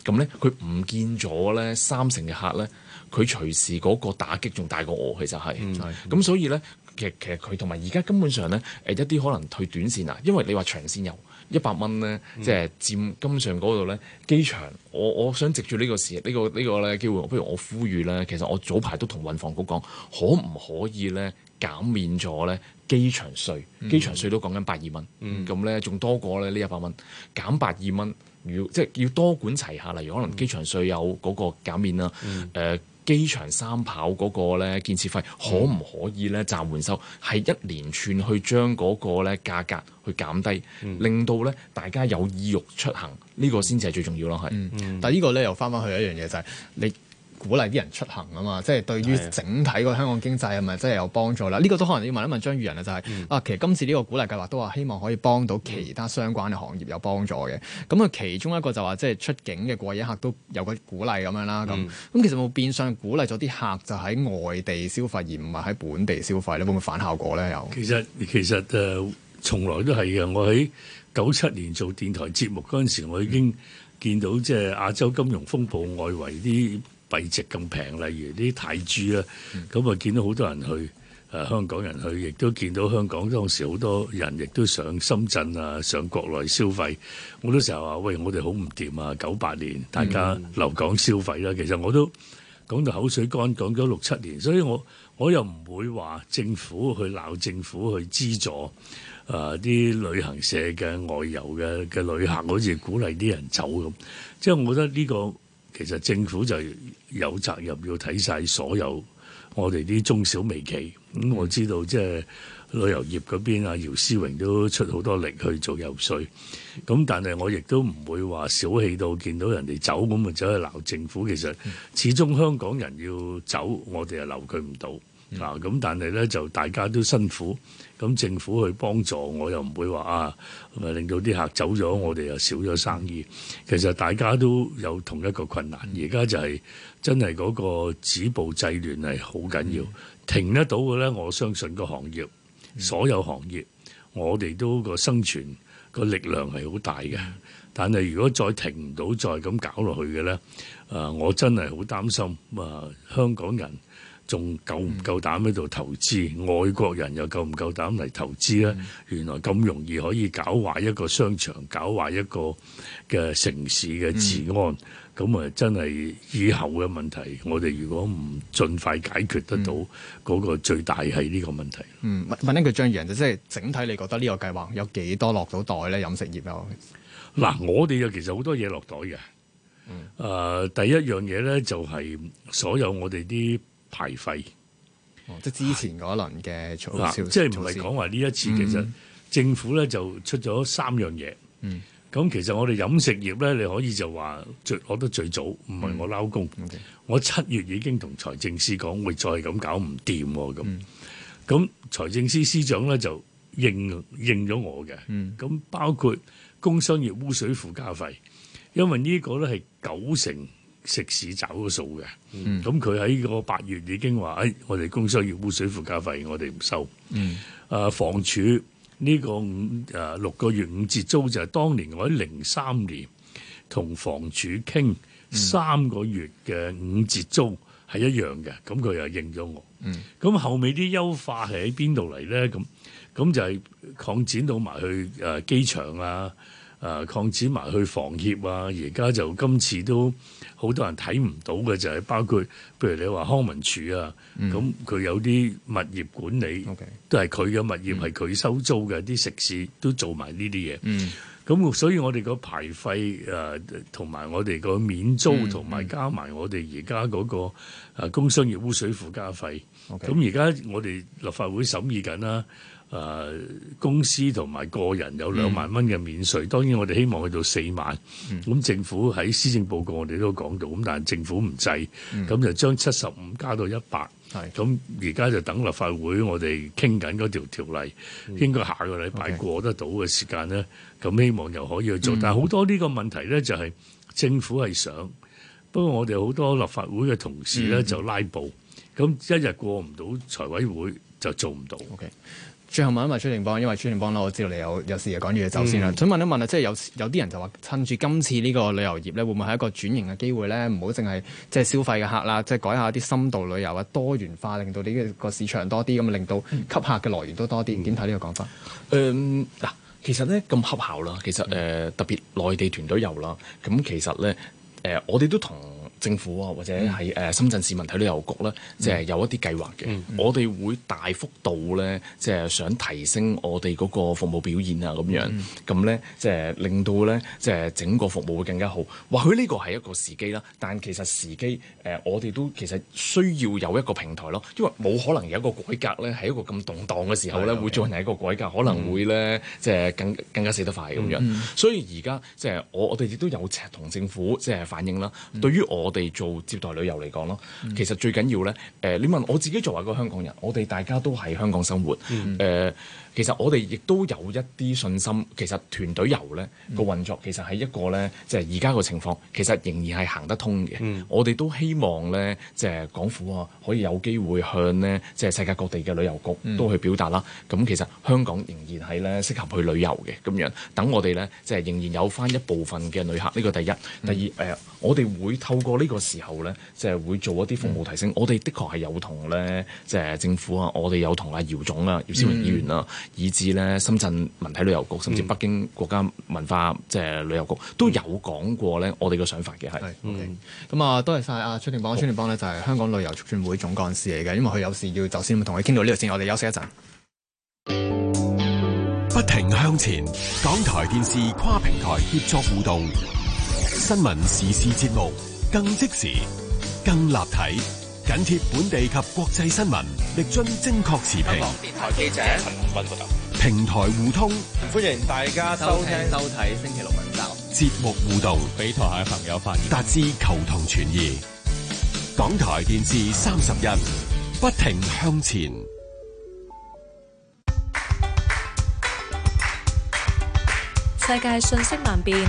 咁咧佢唔見咗咧三成嘅客咧，佢隨時嗰個打擊仲大過我，其實係。咁所以咧。其實佢同埋而家根本上咧，誒一啲可能退短線啊，因為你話長線有一百蚊咧，即係、就是、佔根本上嗰度咧。嗯、機場，我我想藉住呢個事，呢、這個這個呢個咧機會，不如我呼籲咧。其實我早排都同運房局講，可唔可以咧減免咗咧機場稅？嗯、機場稅都講緊百二蚊，咁咧仲多過咧呢一百蚊，減百二蚊，要即係、就是、要多管齊下。例如可能機場稅有嗰個減免啊，誒、嗯。呃機場三跑嗰個咧建設費，嗯、可唔可以咧暫緩收？係一連串去將嗰個咧價格去減低，嗯、令到咧大家有意欲出行，呢、呢個先至係最重要咯。係，嗯嗯、但係呢個咧又翻返去一樣嘢就係、是、你。鼓勵啲人出行啊嘛，即係對於整體個香港經濟係咪真係有幫助啦？呢是的 個都可能要問一問,問張宇人啊，就係、是嗯、啊，其實今次呢個鼓勵計劃都話希望可以幫到其他相關嘅行業有幫助嘅。咁啊，其中一個就話即係出境嘅過夜客都有個鼓勵咁樣啦。咁咁、嗯、其實冇變相鼓勵咗啲客就喺外地消費，而唔係喺本地消費咧，會唔會反效果咧？又其實其實誒，從來都係嘅。我喺九七年做電台節目嗰陣時，我已經見到即係亞洲金融風暴外圍啲。幣值咁平，例如啲泰銖啦，咁啊見到好多人去，啊、呃、香港人去，亦都見到香港當時好多人亦都上深圳啊，上國內消費。我都成日話：喂，我哋好唔掂啊！九八年大家留港消費啦，其實我都講到口水乾，講咗六七年，所以我我又唔會話政府去鬧政府去資助啊啲、呃、旅行社嘅外遊嘅嘅旅客，好似鼓勵啲人走咁。即係我覺得呢、呢個。其實政府就有責任要睇晒所有我哋啲中小微企，咁、嗯嗯、我知道即係旅遊業嗰邊啊，姚思榮都出好多力去做游説，咁、嗯嗯、但係我亦都唔會話小氣到見到人哋走咁走去鬧政府。其實始終香港人要走，我哋又留佢唔到啊，咁但係咧就大家都辛苦。咁政府去幫助我又唔會話啊，係唔係令到啲客走咗，我哋又少咗生意。其實大家都有同一個困難，而家、嗯、就係、係、真係嗰個止暴制亂係好緊要，嗯、停得到嘅咧，我相信個行業、嗯、所有行業，我哋都個生存個力量係好大嘅。但係如果再停唔到，再咁搞落去嘅咧，啊、呃，我真係好擔心啊、呃，香港人。仲夠唔夠膽喺度投資？外國人又夠唔夠膽嚟投資咧？原來咁容易可以搞壞一個商場，搞壞一個嘅城市嘅治安，咁啊，真係以後嘅問題。我哋如果唔盡快解決得到，嗰個最大係呢個問題。嗯，問問一句張揚就即係整體，你覺得呢個計劃有幾多落到袋咧？飲食業呀嗱，我哋又其實好多嘢落袋嘅。嗯，誒，第一樣嘢咧就係所有我哋啲。排費，哦，即係之前嗰輪嘅措施，即係唔係講話呢一次，其實政府咧就出咗三樣嘢。嗯，咁其實我哋飲食業咧，你可以就話最，攞得最早唔係我撈工，我七月已經同財政司講會再咁搞唔掂咁。咁財政司司長咧就應應咗我嘅。嗯，咁包括工商業污水附加費，因為呢個咧係九成。食肆找個數嘅，咁佢喺個八月已經話，誒、哎，我哋工商業污水附加費，我哋唔收。誒、嗯、房署呢個五誒六個月五折租就係當年我喺零三年同房署傾三個月嘅五折租係一樣嘅，咁佢又應咗我。咁、嗯、後尾啲優化係喺邊度嚟咧？咁咁就係擴展到埋去誒機場啊！啊！擴展埋去房協啊！而家就今次都好多人睇唔到嘅就係包括，譬如你話康文署啊，咁佢、嗯、有啲物業管理 Okay. 都係佢嘅物業，係佢、嗯、收租嘅，啲食肆都做埋呢啲嘢。咁、嗯、所以我哋個排費啊，同、呃、埋我哋個免租，同埋、嗯嗯、加埋我哋而家嗰個工商業污水附加費，咁而家我哋立法會審議緊啦。誒公司同埋個人有兩萬蚊嘅免稅，當然我哋希望去到四萬。咁政府喺施政報告，我哋都講到咁，但係政府唔制，咁就將七十五加到一百。係咁而家就等立法會，我哋傾緊嗰條條例，應該下個禮拜過得到嘅時間咧，咁希望又可以去做。但係好多呢個問題咧，就係政府係想，不過我哋好多立法會嘅同事咧就拉布，咁一日過唔到財委會就做唔到。OK。最後問一問崔定邦，因為崔定邦啦，我知道你有有事啊，趕住要走先啦。想、嗯、問一問啊，即係有有啲人就話趁住今次呢個旅遊業咧，會唔會係一個轉型嘅機會咧？唔好淨係即係消費嘅客啦，即係改一下啲深度旅遊啊，多元化，令到你個個市場多啲咁令到吸客嘅來源都多啲。點睇呢個講法？嗯、嗱，其實咧咁恰巧啦，其實誒、呃、特別內地團隊遊啦，咁其實咧誒、呃、我哋都同。政府啊，或者係誒深圳市文體旅遊局咧，即係、嗯、有一啲計劃嘅。嗯嗯、我哋會大幅度咧，即、就、係、是、想提升我哋嗰個服務表現啊，咁樣，咁咧，即、就、係、是、令到咧，即、就、係、是、整個服務會更加好。或許呢個係一個時機啦，啊，但其實時機誒、呃、我哋都其實需要有一個平台，咯，因為冇可能有一個改革咧，係一個咁動盪嘅時候咧，會進行一個改革，可能會咧即係更更加死得快咁樣，嗯、所以而家即係我我哋亦都有同政府即係反映啦。對於我。我哋做接待旅遊嚟講咯，嗯、其實最緊要咧，誒，你問我自己作為一個香港人，我哋大家都喺香港生活，嗯，誒、呃。其實我哋亦都有一啲信心。其實團隊遊咧個運作，其實係一個咧，即係而家個情況，其實仍然係行得通嘅。嗯、我哋都希望咧，即係港府啊，可以有機會向咧，即係世界各地嘅旅遊局都去表達啦。咁、嗯、其實香港仍然係咧適合去旅遊嘅咁樣。等我哋咧，即係仍然有翻一部分嘅旅客。呢個第一，第二誒、嗯呃，我哋會透過呢個時候咧，即係會做一啲服務提升。嗯、我哋的確係有同咧，即係政府啊，我哋有同阿姚總啊、姚思榮議員啊。以至咧深圳文體旅遊局，甚至北京國家文化即係旅遊局、嗯、都有講過咧，我哋嘅想法嘅係。Ok。咁啊，多謝晒。阿崔定邦。崔定邦咧就係香港旅遊促進會總幹事嚟嘅，因為佢有事要就先同佢傾到呢度先，我哋休息一陣。不停向前，港台電視跨平台協作互動，新聞時事節目更即時、更立體。緊貼本地及國際新聞，力臻精確持平。電台記者陳洪平台互通，歡迎大家收聽收睇星期六問責節目互動，俾台下朋友發言，達至求同存異。港台電視三十一，不停向前。世界瞬息萬變。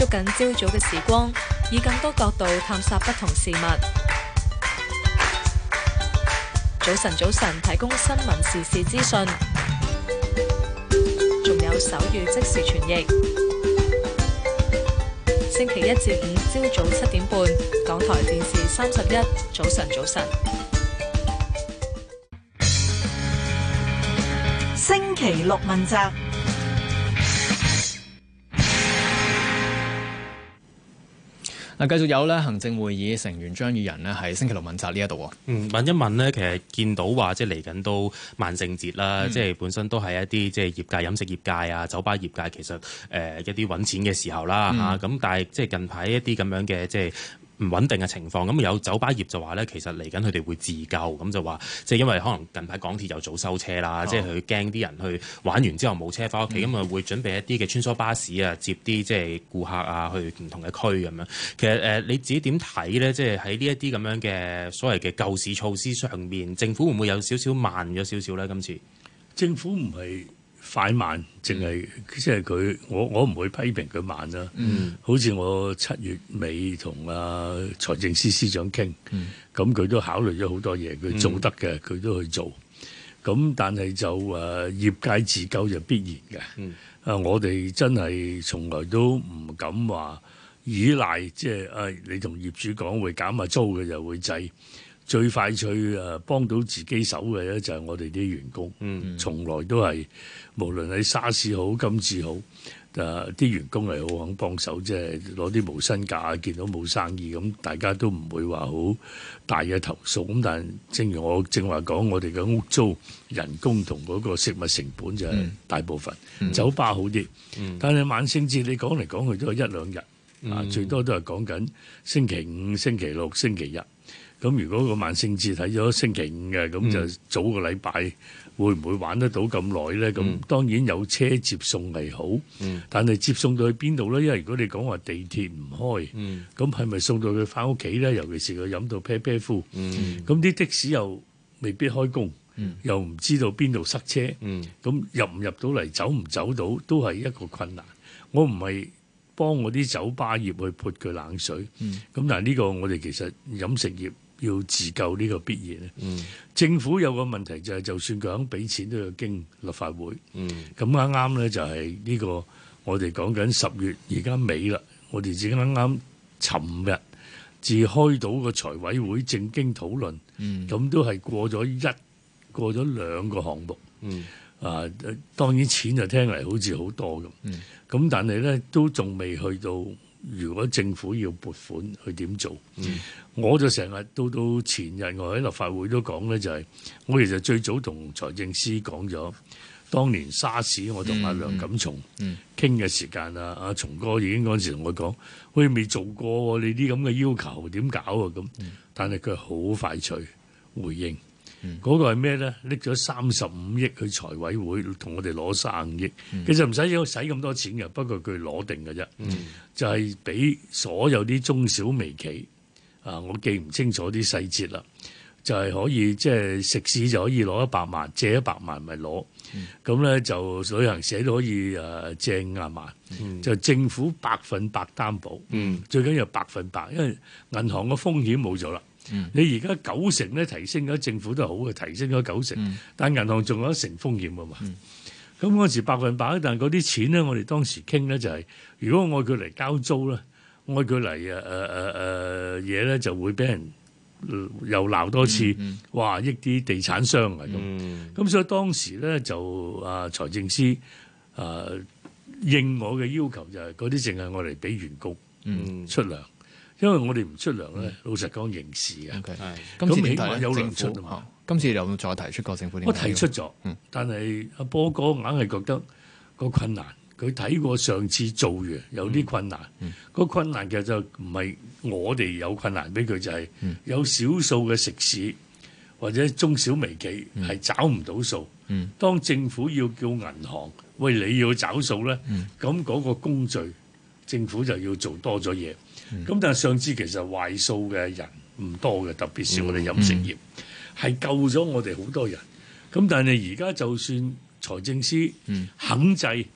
捉緊朝早嘅時光，以更多角度探索不同事物。早晨，早晨提供新聞時事資訊，仲有手語即時傳譯。星期一至五朝早七點半，港台電視三十一，早晨，早晨。星期六問責。嗱，繼續有咧，行政會議成員張宇人咧，喺星期六問責呢一度嗯，問一問咧，其實見到話即係嚟緊都萬聖節啦，嗯、即係本身都係一啲即係業界飲食業界啊、酒吧業界，其實誒、呃、一啲揾錢嘅時候啦嚇。咁、嗯啊、但係即係近排一啲咁樣嘅即係。就是唔穩定嘅情況，咁有酒吧業就話咧，其實嚟緊佢哋會自救，咁就話即係因為可能近排港鐵又早收車啦，哦、即係佢驚啲人去玩完之後冇車翻屋企，咁啊、嗯、會準備一啲嘅穿梭巴士啊，接啲即係顧客啊去唔同嘅區咁樣。其實誒、呃，你自己點睇咧？即係喺呢一啲咁樣嘅所謂嘅救市措施上面，政府會唔會有少少慢咗少少咧？今次政府唔係。快慢淨係、嗯、即係佢，我我唔會批評佢慢啦。嗯，好似我七月尾同啊財政司司長傾，咁佢、嗯、都考慮咗好多嘢，佢做得嘅佢都去做。咁但係就誒、啊、業界自救就必然嘅。嗯、啊，我哋真係從來都唔敢話依賴，即係啊、哎、你同業主講會減下租嘅就會制。最快脆誒幫到自己手嘅咧，就係我哋啲員工，hmm. 從來都係無論喺沙士好、金市好，誒啲、hmm. 呃、員工係好肯幫手，即係攞啲無薪假、啊，見到冇生意咁，大家都唔會話好大嘅投訴。咁但正如我正話講，我哋嘅屋租、人工同嗰個食物成本就係大部分。Mm. Hmm. 酒吧好啲，但係萬聖節你講嚟講去都係一兩日，啊，hmm. 最多都係講緊星期五、星期六、星期日。咁如果個萬聖節睇咗星期五嘅，咁就早個禮拜會唔會玩得到咁耐咧？咁當然有車接送係好，但係接送到去邊度咧？因為如果你講話地鐵唔開，咁係咪送到佢返屋企咧？尤其是佢飲到啤啤呼，咁啲的士又未必開工，又唔知道邊度塞車，咁入唔入到嚟，走唔走到，都係一個困難。我唔係幫我啲酒吧業去潑佢冷水，咁但係呢個我哋其實飲食業。要自救呢個必然咧，嗯、政府有個問題就係、係，就算佢肯俾錢，都要經立法會。咁啱啱咧就係呢、呢個，我哋講緊十月而家尾啦。我哋自己啱啱尋日至開到個財委會正經討論，咁、嗯、都係過咗一過咗兩個項目。嗯、啊，當然錢就聽嚟好似好多咁。咁、嗯、但係咧都仲未去到，如果政府要撥款去點做？嗯我就成日到到前日，我喺立法會都講咧、就是，就係我其實最早同財政司講咗，當年沙士我同阿梁錦松傾嘅、嗯嗯、時間啊，阿松哥已經嗰陣時同我講，喂，未做過你啲咁嘅要求點搞啊？咁，但係佢好快脆回應嗰、嗯、個係咩咧？搦咗三十五億去財委會，同我哋攞三五億，其實唔使使咁多錢嘅，不過佢攞定嘅啫，嗯、就係俾所有啲中小微企。啊！我記唔清楚啲細節啦，就係、是、可以即係食肆就可以攞一百萬借一百萬咪攞，咁咧、嗯、就旅行社都可以誒、呃、借廿萬，嗯、就政府百分百擔保，嗯、最緊要百分百，因為銀行嘅風險冇咗啦。嗯、你而家九成咧提升咗，政府都係好嘅，提升咗九成，嗯、但銀行仲有一成風險啊嘛。咁嗰、嗯嗯、時百分百，但係嗰啲錢咧，我哋當時傾咧就係、是，如果我叫嚟交租咧。我佢嚟啊！誒誒誒嘢咧，呃呃、就會俾人又鬧多次。嗯嗯、哇！益啲地產商啊咁。咁、嗯、所以當時咧就啊財政司啊應我嘅要求、就係，就係嗰啲淨係我嚟俾員工出糧，因為我哋唔出糧咧，嗯、老實講刑事嘅。咁起碼有糧出啊嘛！今次，政府、哦、今次你有冇再提出過政府？我提出咗，嗯、但係阿波哥硬係覺得個困難。佢睇過上次做完有啲困難，嗯嗯、個困難嘅就唔係我哋有困難俾佢，就係有少數嘅食肆或者中小微企係、嗯、找唔到數。嗯、當政府要叫銀行，喂，你要找數咧，咁嗰、嗯、個工序政府就要做多咗嘢。咁、嗯、但係上次其實壞數嘅人唔多嘅，特別是我哋飲食業係、嗯嗯嗯、救咗我哋好多人。咁但係而家就算財政司、嗯、肯制。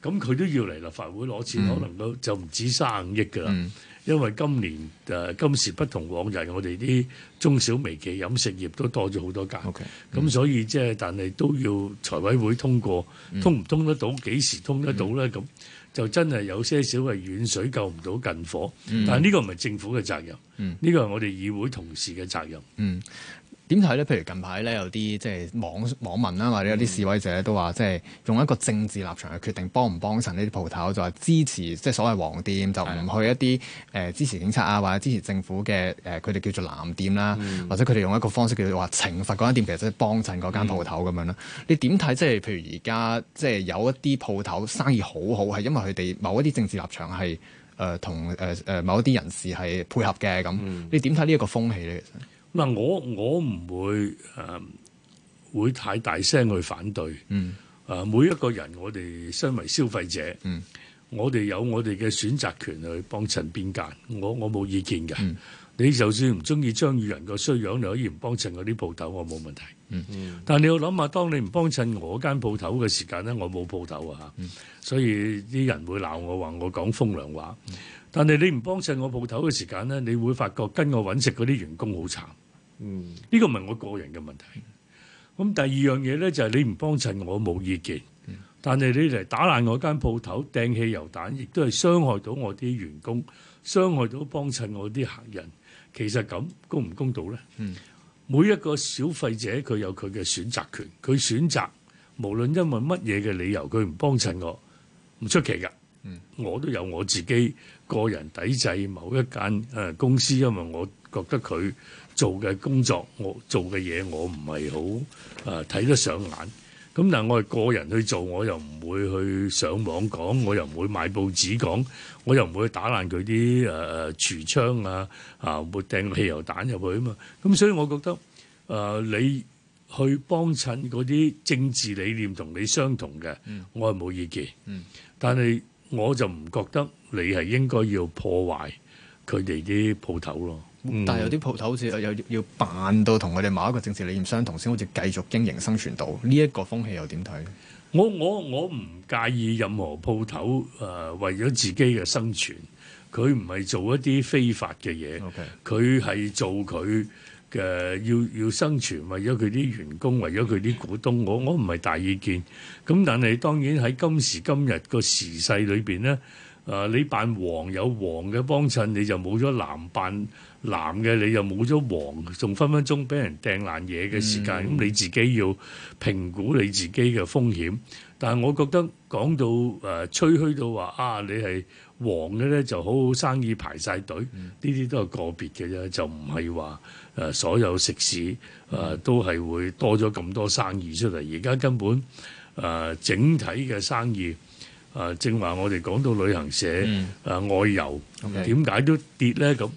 咁佢都要嚟立法會攞錢，嗯、可能都就唔止三五億噶啦，嗯、因為今年誒、呃、今時不同往日，我哋啲中小微企飲，飲食業都多咗好多間。咁、okay，嗯、所以即係，但係都要財委會通過，通唔通得到，幾、嗯、時通得到咧？咁、嗯、就真係有些少係遠水救唔到近火。嗯、但係呢個唔係政府嘅責任，呢個係我哋議會同事嘅責任。嗯。嗯點睇咧？譬如近排咧，有啲即係網網民啦，或者有啲示威者都話，嗯、即係用一個政治立場去決定幫唔幫襯呢啲鋪頭，就話、是、支持即係、就是、所謂黃店，嗯、就唔去一啲誒、呃、支持警察啊，或者支持政府嘅誒佢哋叫做藍店啦，嗯、或者佢哋用一個方式叫做話懲罰嗰間店，其實即係幫襯嗰間鋪頭咁樣啦。嗯、你點睇？即係譬如而家即係有一啲鋪頭生意好好，係因為佢哋某一啲政治立場係誒同誒誒某一啲人士係配合嘅咁。嗯、你點睇呢一個風氣咧？其實我我唔會誒、呃，會太大聲去反對。誒、嗯呃，每一個人，我哋身為消費者，嗯、我哋有我哋嘅選擇權去幫襯邊間。我我冇意見嘅。嗯、你就算唔中意張宇人個衰樣，你可以唔幫襯嗰啲鋪頭，我冇問題。嗯嗯、但係你要諗下，當你唔幫襯我間鋪頭嘅時間咧，我冇鋪頭啊吓。嗯、所以啲人會鬧我話我講風涼話。但係你唔幫襯我鋪頭嘅時間咧，你會發覺跟我搵食嗰啲員工好慘。嗯，呢個唔係我個人嘅問題。咁、嗯、第二樣嘢呢，就係你唔幫襯我冇意見，嗯、但係你嚟打爛我間鋪頭，掟汽油彈，亦都係傷害到我啲員工，傷害到幫襯我啲客人。其實咁公唔公道呢？嗯、每一個消費者佢有佢嘅選擇權，佢選擇無論因為乜嘢嘅理由，佢唔幫襯我唔出奇㗎。嗯、我都有我自己個人抵制某一間誒公司，因為我覺得佢。做嘅工作，我做嘅嘢，我唔係好誒睇得上眼。咁但係我係個人去做，我又唔會去上網講，我又唔會買報紙講，我又唔會打爛佢啲誒誒櫥窗啊啊，冇掟汽油彈入去啊嘛。咁所以我覺得誒、呃，你去幫襯嗰啲政治理念同你相同嘅，嗯、我係冇意見。嗯，但係我就唔覺得你係應該要破壞佢哋啲鋪頭咯。但係有啲鋪頭好似又要扮到同佢哋某一個政治理念相同，先好似繼續經營生存到呢一、這個風氣又點睇？我我我唔介意任何鋪頭誒，為咗自己嘅生存，佢唔係做一啲非法嘅嘢。佢係 Okay. 做佢嘅、呃、要要生存嘛，為咗佢啲員工，為咗佢啲股東。我我唔係大意見。咁但係當然喺今時今日個時勢裏邊咧。誒，你扮黃，有黃嘅幫襯，你就冇咗藍，扮藍嘅，你就冇咗黃，仲分分鐘俾人掟爛嘢嘅時間，嗯嗯、咁你自己要評估你自己嘅風險。但係我覺得講到誒、呃、吹噓到話啊，你係黃嘅咧就好好生意排晒隊，呢啲都係個別嘅啫，就唔係話誒所有食肆誒、呃、都係會多咗咁多生意出嚟。而家根本誒、呃、整體嘅生意。啊，正話，我哋講到旅行社，嗯、啊外遊，點解 Okay. 都跌咧咁？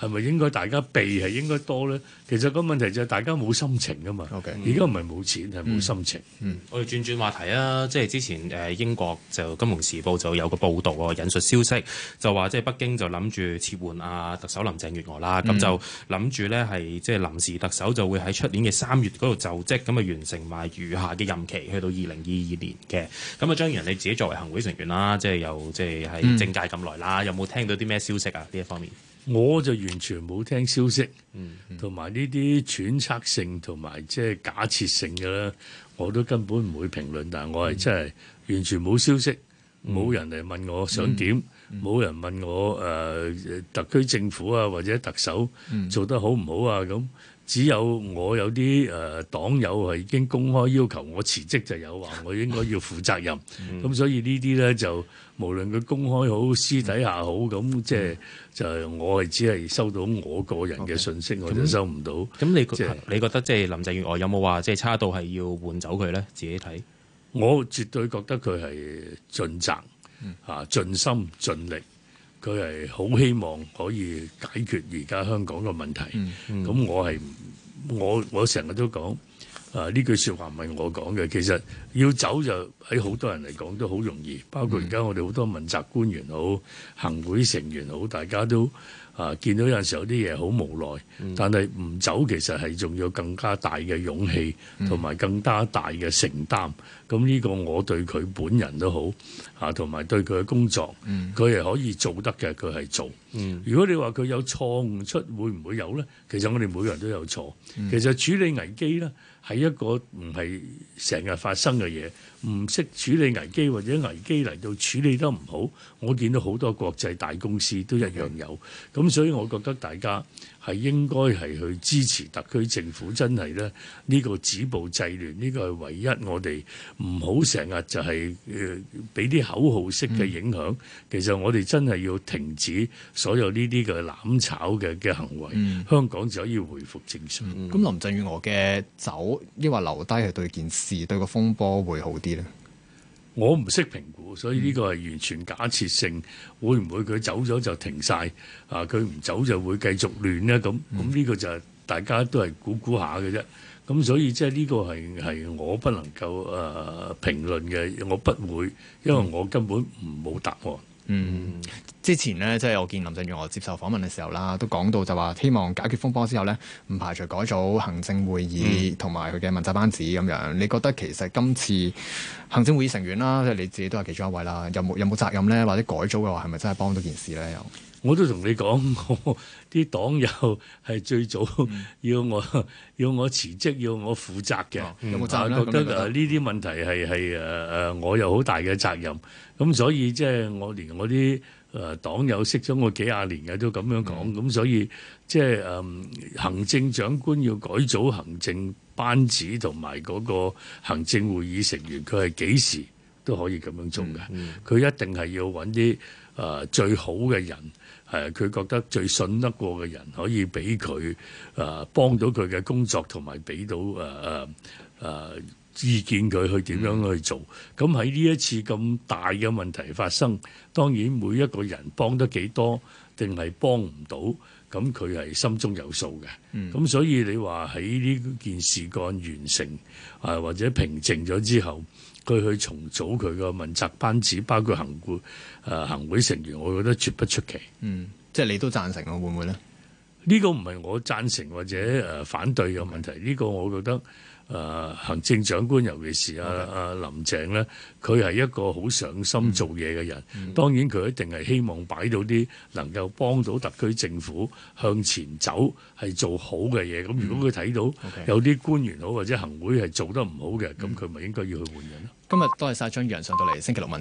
係咪應該大家避係應該多咧？其實個問題就係大家冇心情㗎嘛。而家唔係冇錢，係冇心情。嗯，嗯，我哋轉轉話題啊，即係之前誒英國就《金融時報》就有個報導啊，引述消息就話，即係北京就諗住撤換啊特首林鄭月娥啦。咁、嗯、就諗住咧係即係臨時特首就會喺出年嘅三月嗰度就職，咁啊完成埋餘下嘅任期，去到二零二二年嘅。咁啊，張宇人，你自己作為行會成員啦，即係又即係喺政界咁耐啦，有冇聽到啲咩消息啊？呢一方面？我就完全冇聽消息，同埋呢啲揣測性同埋即係假設性嘅啦，我都根本唔會評論，但係我係真係完全冇消息，冇人嚟問我想點，冇人問我誒、呃、特區政府啊或者特首做得好唔好啊咁。只有我有啲誒、呃、黨友係已經公開要求我辭職就有話我應該要負責任，咁、 嗯、所以呢啲咧就無論佢公開好、嗯、私底下好，咁即係就係、是嗯、我係只係收到我個人嘅訊息，okay, 我就收唔到。咁、嗯就是、你覺得？你覺得即係林鄭月娥有冇話即係差到係要換走佢咧？自己睇，我絕對覺得佢係盡責嚇、盡心、盡心盡力。佢係好希望可以解決而家香港個問題，咁、嗯嗯、我係我我成日都講啊，呢句説話唔係我講嘅，其實要走就喺好多人嚟講都好容易，包括而家我哋好多問責官員好，行會成員好，大家都。啊！見到有時候有啲嘢好無奈，嗯、但係唔走其實係仲要更加大嘅勇氣，同埋、嗯、更加大嘅承擔。咁呢個我對佢本人都好啊，同、啊、埋對佢嘅工作，佢係、嗯、可以做得嘅。佢係做。嗯、如果你話佢有錯誤出，會唔會有呢？其實我哋每個人都有錯。嗯、其實處理危機呢，係一個唔係成日發生嘅嘢。唔識處理危機或者危機嚟到處理得唔好，我見到好多國際大公司都一樣有。咁的所以我覺得大家係應該係去支持特區政府，真係咧呢個止暴制亂呢、呢個係唯一我哋唔好成日就係誒俾啲口號式嘅影響，嗯、其實我哋真係要停止所有呢啲嘅攬炒嘅嘅行為，嗯、香港就可以回復正常，咁、嗯嗯、林鄭月娥嘅走抑或留低，係對件事對個風波會好啲。我唔識評估，所以呢個係完全假設性，會唔會佢走咗就停晒？啊，佢唔走就會繼續亂呢？咁咁呢個就係大家都係估估下嘅啫。咁所以即係呢個係係我不能夠誒評論嘅，我不會，因為我根本唔冇答案。嗯，之前咧，即係我見林鄭月娥接受訪問嘅時候啦，都講到就話希望解決風波之後咧，唔排除改組行政會議同埋佢嘅問責班子咁、嗯、樣。你覺得其實今次行政會議成員啦，即係你自己都係其中一位啦，有冇有冇責任咧，或者改組嘅話，係咪真係幫到件事咧？又？我都同你講，我啲黨友係最早要我、嗯、要我辭職要我負責嘅，我就覺得呢啲問題係係誒誒，我有好大嘅責任。咁所以即係我連我啲誒、呃、黨友識咗我幾廿年嘅都咁樣講。咁、嗯、所以即係、呃、行政長官要改組行政班子同埋嗰個行政會議成員，佢係幾時都可以咁樣做嘅。佢、嗯嗯嗯、一定係要搵啲誒最好嘅人。係佢、啊、覺得最信得過嘅人，可以俾佢啊幫到佢嘅工作，同埋俾到誒誒誒意見佢去點樣去做。咁喺呢一次咁大嘅問題發生，當然每一個人幫得幾多，定係幫唔到，咁佢係心中有數嘅。咁、嗯、所以你話喺呢件事幹完成啊，或者平靜咗之後。佢去重組佢個問責班子，包括行會誒、呃、行會成員，我覺得絕不出奇。嗯，即係你都贊成，我會唔會呢？呢個唔係我贊成或者誒、呃、反對嘅問題，呢、這個我覺得。誒、uh, 行政長官，尤其是啊 Okay. 啊林鄭咧，佢係一個好上心做嘢嘅人。Mm hmm. 當然佢一定係希望擺到啲能夠幫到特區政府向前走，係做好嘅嘢。咁如果佢睇到有啲官員好或者行會係做得唔好嘅，咁佢咪應該要去換人咯。今日多謝晒張揚上到嚟，星期六問。